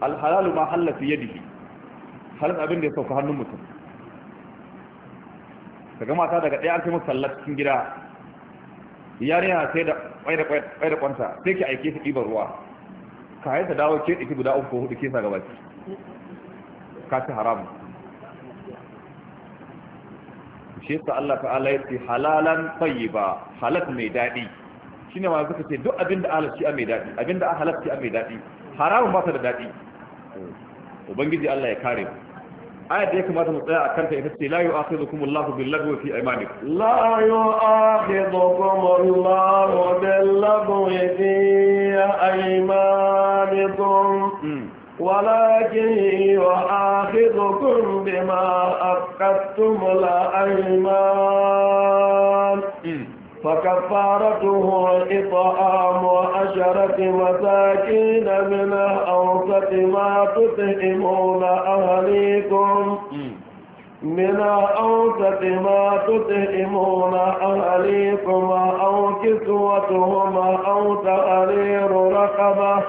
alhalalu ma halla fi yadihi halal abin da ya sauka hannun mutum daga mata daga ɗaya an kai masu sallar cikin gida yarinya sai da kwai da kwanta sai ki aike su ɗibar ruwa ka haita dawo ke ɗiki guda uku hudu kesa gaba ki ka ci haramu shi yasa Allah ta'ala ya ce halalan tayyiba halal mai daɗi shine ma suka ce duk abinda halarci a mai daɗi abinda a halarci a mai daɗi haramun ba ta da daɗi ubangiji Allah ya kare mu آية ديك ما تنطيع كانت يفتي لا يؤاخذكم الله باللغو في أيمانكم لا يؤاخذكم الله باللغو في أيمانكم ولكن يؤاخذكم بما أخذتم الأيمان فكفارته إطعام عشرة مساكين من أوسط ما تطعمون أهليكم من أوسط ما تطعمون أهليكم أو كسوتهم أو تأرير رقبة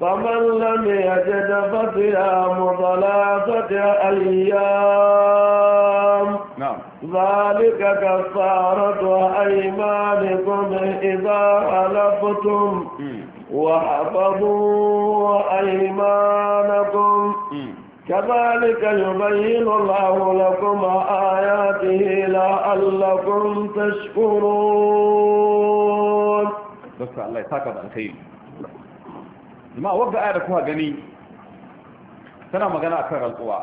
فمن لم يجد فصيام ثلاثة أيام نعم ذلك كفارة أيمانكم إذا ألفتم وحفظوا أيمانكم كذلك يبين الله لكم آياته لعلكم تشكرون بس الله يساك بالخير ما وقت آية كوها جني تنا مغانا أكثر القوى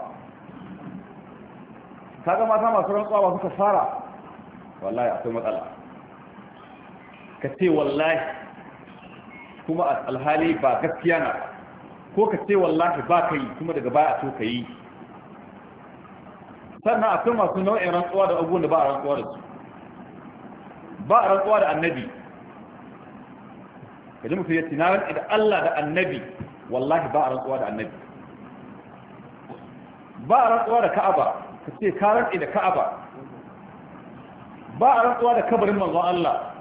kaga mata masu rantsuwa ba suka fara wallahi akwai matsala ka ce wallahi kuma alhali ba gaskiya na ko ka ce wallahi ba ka yi kuma daga baya to ka yi sannan akwai masu nau'in rantsuwa da abubuwan da ba a rantsuwa da su ba a rantsuwa da annabi ka ji mutum ya ce na rantsi da Allah da annabi wallahi ba a rantsuwa da annabi ba a rantsuwa da ka'aba ka ce ka rantsi da ka'aba ba a rantsuwa da kabarin manzon Allah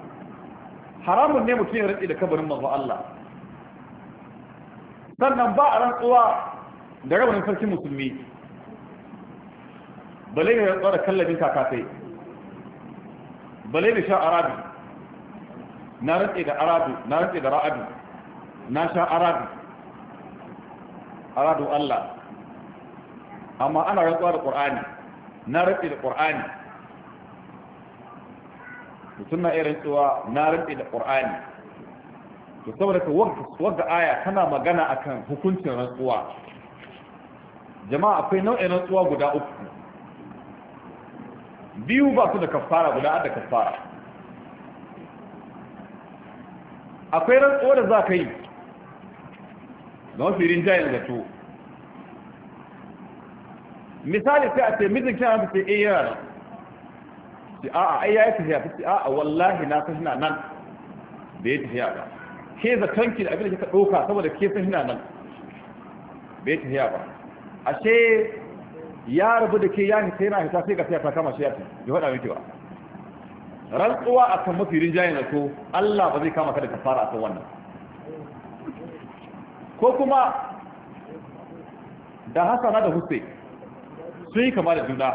haramun ne mutum ya rantsi da kabarin manzon Allah sannan ba a rantsuwa da rawanin sarkin musulmi bale ne rantsuwa da kallabin kakasai bale ne sha arabi na rantsi da arabi na rantsi da ra'abi na sha arabi aradu Allah amma ana rantsuwa da ƙur'ani. na rufe da ƙur'ani, mutum na irin cewa na rufe da ƙur'ani. to saboda ka wagga aya tana magana akan hukuncin rantsuwa jama'a akwai nau'in rantsuwa guda uku biyu ba su da kafara guda da kafara akwai rantsuwa da za ka yi don firin jayin zato misali sai a ce mijin kina ta sai eh yana a a'a ai yayi tafiya ta ce a'a wallahi na san ina nan da ya tafiya ba ke za kanki da abin da kika ɗauka saboda ke san ina nan bai tafiya ba A ce ya rabu da ke ya sai na hita sai ga tafiya ta kama shi ya fi. ya faɗa miki ba rantsuwa a kan mafi rinjaye na so Allah ba zai kama ka da kafara a kan wannan ko kuma da hasana da hussein sun yi kama da juna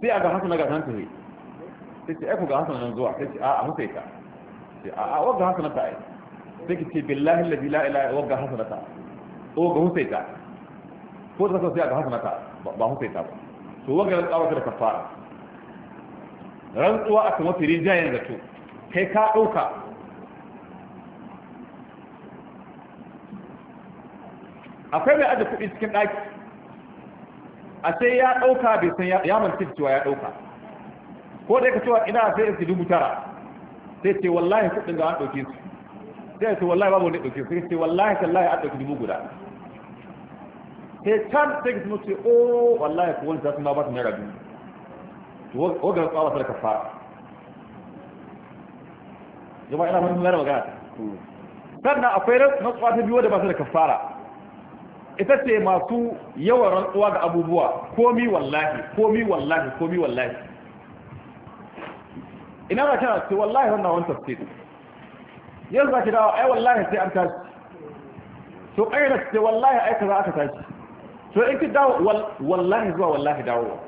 sai a ga hasana ga san tafi sai ce aiko ga hasana nan zuwa sai ce a a musaita ita sai a a wagga hasana ta ai sai ki ce billahi la ilaha illa wagga hasana ta o ga musaita ko da sai ga hasana ta ba musaita ba to wagga ya tsawata da kafara rantsuwa a kuma firin jayen zato kai ka ɗauka, akwai mai aje kuɗi cikin ɗaki a sai ya ɗauka bai san ya manci cewa ya ɗauka ko dai ka cewa ina sai ci dubu tara sai ce wallahi kuɗin ga an ɗauke su sai ce wallahi babu wani ɗauke su sai ce wallahi tallahi an ɗauki dubu guda sai can sai su ce o oh, wallahi kuwan za su ma ba su naira biyu to wagar tsawa sai ka fara jama'a ina mun mara magana hmm. sannan akwai rantsuwa ta biyu da ba su da kafara ita ce masu yawan rantsuwa ga abubuwa komi wallahi komi wallahi komi wallahi ina ba kira ce wallahi wannan wani tafsir yanzu ba kira dawo ai wallahi sai an tashi to ƙayyana ce wallahi ai kaza aka tashi to in ki dawo wallahi zuwa wallahi dawo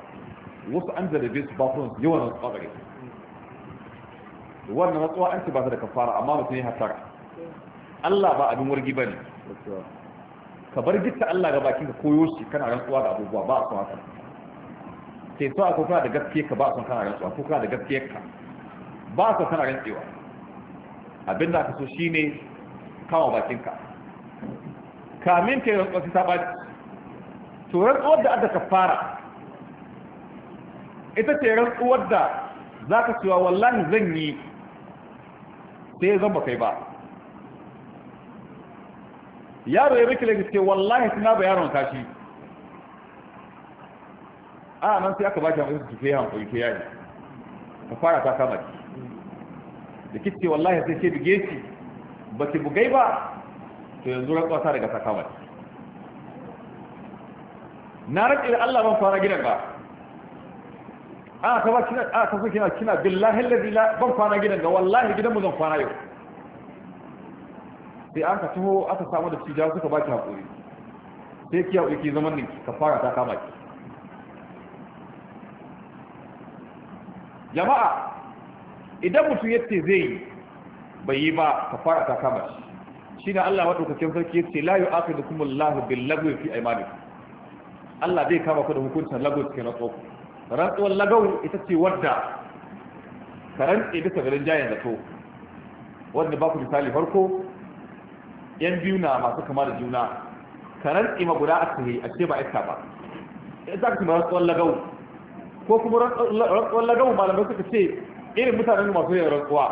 wasu an zarabe su ba kuma yawan rantsuwa gare wannan rantsuwa an ce ba ta da kafara amma mutum ya hasara Allah ba abin wargi ba ne. ka bar gitta Allah ga bakin ka koyo shi kana rantsuwa da abubuwa ba a son haka sai so ko kana da gaske ka ba a son kana rantsuwa ko kana da gaske ka ba a son kana rantsewa abin da aka so shi ne kama bakin ka kamin ka rantsuwa sai ta ba to rantsuwar da aka fara ita ce rantsuwar da za ka cewa wallahi zan yi sai zan ba kai ba yaro ya rikile gaske wallahi suna ba yaron kashi a nan sai aka ba shi hankali su tufe hankali ke yari ka fara ta kama ki da kitse wallahi sai ke buge shi ba ki bugai ba to yanzu rantsuwa ta daga ta kama ki na rantsi da Allah ban fara gidan ba a ka ba kina a ka billahi ban fara gidan ga wallahi gidan mu zan fara yau sai an ka taho aka samu da cija suka baki haƙuri sai ki haƙuri ke zaman ninki ka fara ta kama ki jama'a idan mutum yadda zai yi bai yi ba ka fara ta kama shi Shi shine Allah madaukakin sarki yace la yu'aqidukum Allahu bil lagwi fi aymanikum Allah zai kama ku da hukuncin lagwi na rantsuwa rantsuwar lagau ita ce wadda ka rantse bisa garin jayen zato wanda ba ku misali farko yan biyu na masu kama da juna karar ima guda a tsaye a ce ba iska ba ya za ka ci rantsuwar lagau ko kuma rantsuwar lagau malamai suka ce irin mutanen masu yin rantsuwa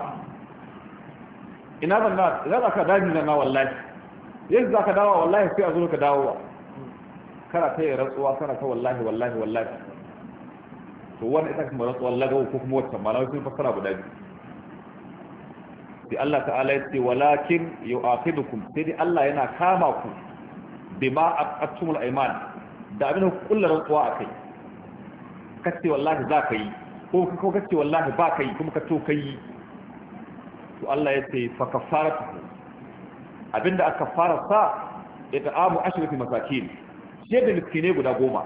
ina zan na za ka daji zan na wallahi yanzu za ka dawa wallahi sai a zo ka dawowa kana ta yin rantsuwa kana ta wallahi wallahi wallahi to wani ita kuma rantsuwar lagau ko kuma wacce malamai sun fassara guda biyu sai Allah ta'ala ya ce walakin yu'aqidukum sai dai Allah yana kama ku bima aqattumul aiman da abin ku kullu rantsuwa akai kace wallahi za ka yi ko ko kace wallahi ba ka yi kuma ka to kai to Allah ya ce fa kafaratu abinda aka fara sa it'amu ashrafi masakin sai da miskine guda goma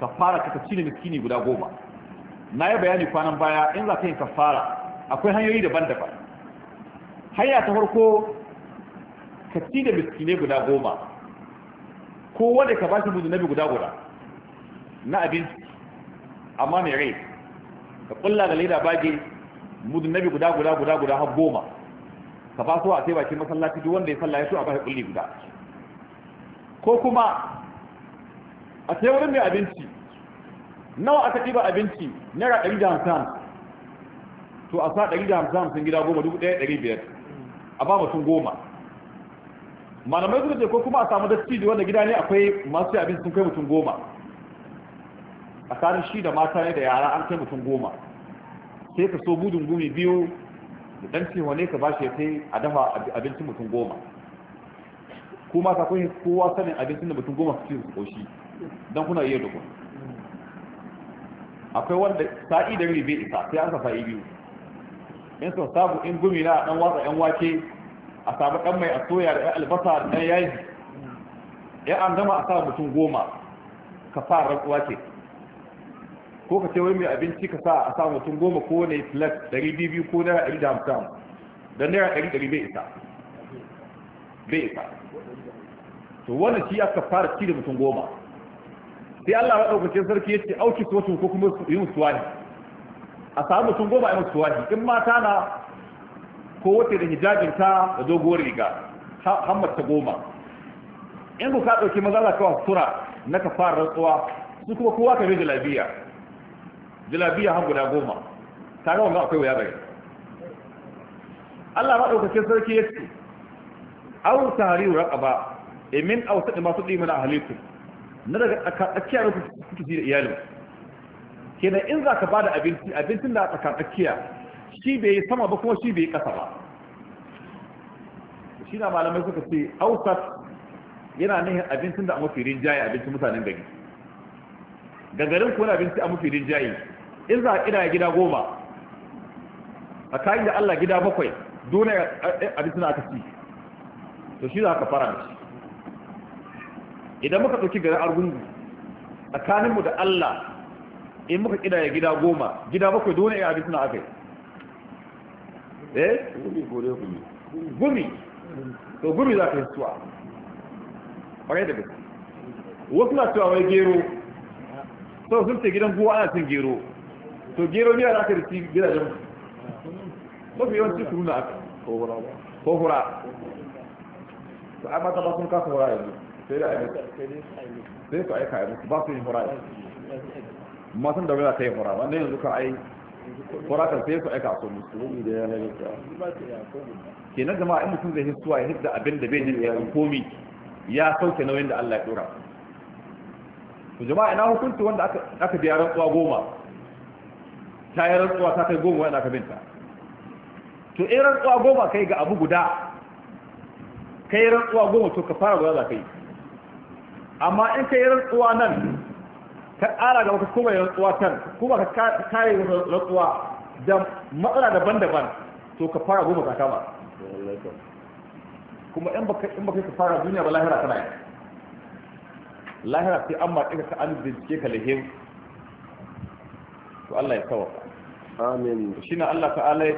kafara ka ci ne guda goma na yi bayani kwanan baya in za ka yi kafara akwai hanyoyi daban-daban hanya ta farko ka ci da biskine guda goma ko wanda ka ba shi muzunabi guda guda na abinci amma mai rai ka kulla da baje bage muzunabi guda guda guda guda har goma ka ba su a sai bakin masallaci duk wanda ya salla ya so a ba shi kulli guda ko kuma a sai wurin mai abinci nawa aka ɗiba abinci naira ɗari da to a sa 150 gida goma dubu ɗaya ɗari biyar a ba mutum goma malamai suka ce ko kuma a samu datti da wanda gida ne akwai masu ci abinci sun kai mutum goma a tsarin shi da mata ne da yara an kai mutum goma sai ka so budun gumi biyu da dan cewa ne ka bashi ya kai a dafa abincin mutum goma kuma ta kun kowa sanin abincin da mutum goma su ci su koshi don kuna iya dogon akwai wanda sa'i da bai isa sai an sa sa'i biyu in sau sabu in gumi na dan watsa yan wake a samu dan mai a soya da albasa da dan yaji ya an gama a sa mutum goma ka sa rantsuwa ke ko ka ce wai mai abinci ka sa a sa mutum goma ko ne flat ɗari biyu ko naira ɗari da hamsin don naira ɗari ɗari bai isa bai isa to wannan shi aka fara ci da mutum goma sai Allah ya ɗaukace sarki ya ce auki sotun ko kuma yi musuwa ne a samu sun goma a musu wahi in mata na ko wata da hijabinta da doguwar riga ta goma in ku ka ɗauki maza za ka tura na ka fara rantsuwa su kuma kowa ka bi jilabiya jilabiya har guda goma ta ga wannan akwai wuya bai Allah ma ɗaukakin sarki ya ce aw tahriru raqaba e min aw tadi ma tudi mana ahlikum na daga tsakiya ne kuke ji da iyalinku kenan in za ka bada abinci abincin da a tsakiya shi bai yi sama ba kuma shi bai yi ƙasa ba shi na malamai suka ce ausat yana ne abincin da a mafi rinjaye abincin mutanen gari gagarin kuwa abinci a mafi rinjaye in za a kira gida goma a kayan da allah gida bakwai dole eh, abincin da aka ci to shi za ka fara da shi idan muka ɗauki garin argungu tsakaninmu da allah in muka kidaya gida goma gida bakwai dole ya abin suna aka yi eh gumi to gumi za ka yi suwa ƙwarai da gaske wasu na cewa wai gero sau sun ce gidan guwa ana cin gero to gero ne za ka rikki gidajen mafi yawanci su nuna aka ko hura to ai mata ba sun kasa hura yanzu sai da aiki sai su aika yanzu ba su yin hura yanzu matan da wani ta yi fura ba ne yanzu ka ai fura kan sai su aika a somi su da ta ke na jama'a in mutum zai hissuwa ya hidda abin da bai jin tsayin komi ya sauke nauyin da Allah ya dora to jama'a ina hukunci wanda aka biya rantsuwa goma ta yi rantsuwa ta kai goma wanda aka binta to in rantsuwa goma kai ga abu guda kai rantsuwa goma to ka fara guda za ka yi amma in kai rantsuwa nan ka ƙara gaba wata kuma rantsuwa can kuma ka kare rantsuwa da matsala daban-daban to ka fara goma zaka ba kuma in baka in baka fara duniya ba lahira kana yi lahira sai an maƙi ka an bincike ka lahim to Allah ya sawaka amin shi na Allah ta'ala ya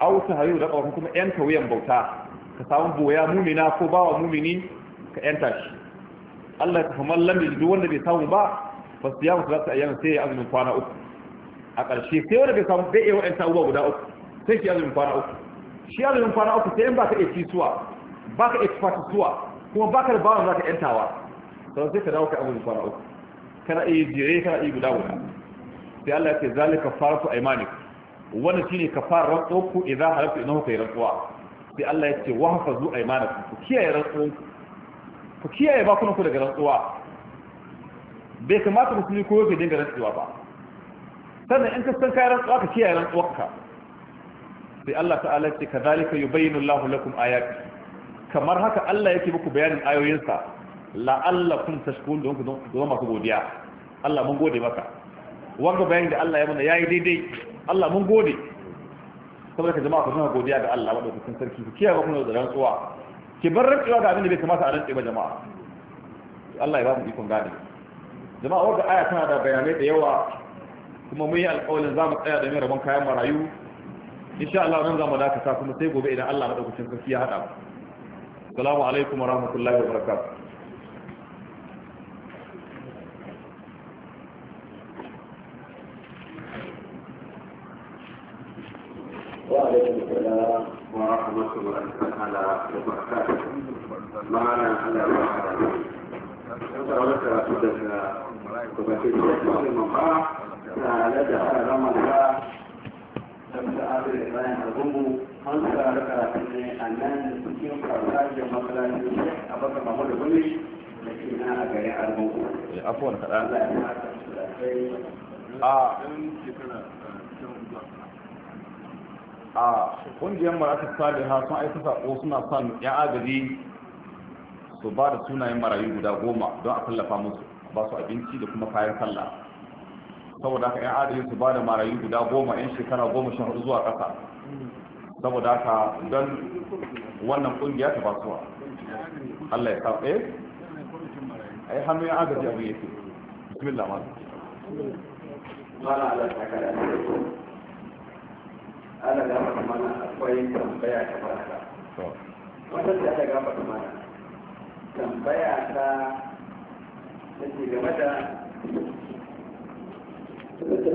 au ta hayu da kawai kuma yan tawiyan bauta ka samu boya mumina ko bawa mumini ka yanta shi Allah ya kamar lambi duk wanda bai samu ba fasiyamu salatu ayyam sai ya azumin kwana uku a ƙarshe sai wanda bai samu bai iya wa'ansa uwa guda uku sai shi azumin kwana uku shi azumin kwana uku sai in baka iya suwa baka iya suwa kuma baka da bawan zaka yantawa sai sai ka dawo ka azumin kwana uku kana iya jire kana iya guda guda sai Allah ya ce zalika faratu aymanik wannan shine kafar ko idan halatu inahu kai rantsuwa sai Allah ya ce wa hafazu aymanakum ku kiyaye rantsuwanku ku kiyaye bakunanku daga rantsuwa bai kamata musulmi ko yake dinga rantsuwa ba sannan in ka san kai rantsuwa ka kiyaye rantsuwarka sai Allah ta'ala ce kadhalika yubayyinu Allahu lakum ayati kamar haka Allah yake muku bayanin ayoyinsa la'allakum tashkurun don ku zama ku godiya Allah mun gode maka wanga bayanin da Allah ya mana yayi daidai Allah mun gode saboda ka jama'a ku zama godiya ga Allah madaukakin sarki ku kiyaye kuma da rantsuwa ki bar rantsuwa ga abin da bai kamata a rantsuwa jama'a Allah ya ba mu ikon gane jama'a wadda aya tana da bayanai da yawa kuma mun yi alƙawarin za mu tsaya da mai rabon kayan marayu insha Allah nan za mu dakata kuma sai gobe idan Allah madaukakin sarki ya hada assalamu alaikum wa rahmatullahi wa barakatuh وعليكم السلام ورحمة الله تعالى وبركاته. معنا على وعلى ولك تدفع وبكيت تسلم معه تعالى تعالى رمضان تمسى آه a kungiyar marasa saliha sun aika sako suna son ya agaji su ba da sunayen marayu guda goma don a tallafa musu ba su abinci da kuma kayan sallah saboda haka 'yan adalin su ba da marayu guda goma 'yan shekara goma sha hudu zuwa ƙasa saboda haka don wannan ƙungiya ta basuwa Allah ya kawo eh? a yi hannu ya agaji abin yake bismillah ma Allah da mana akwai tambaya ta baraka. Wannan da ta gaba mana tambaya ta take game da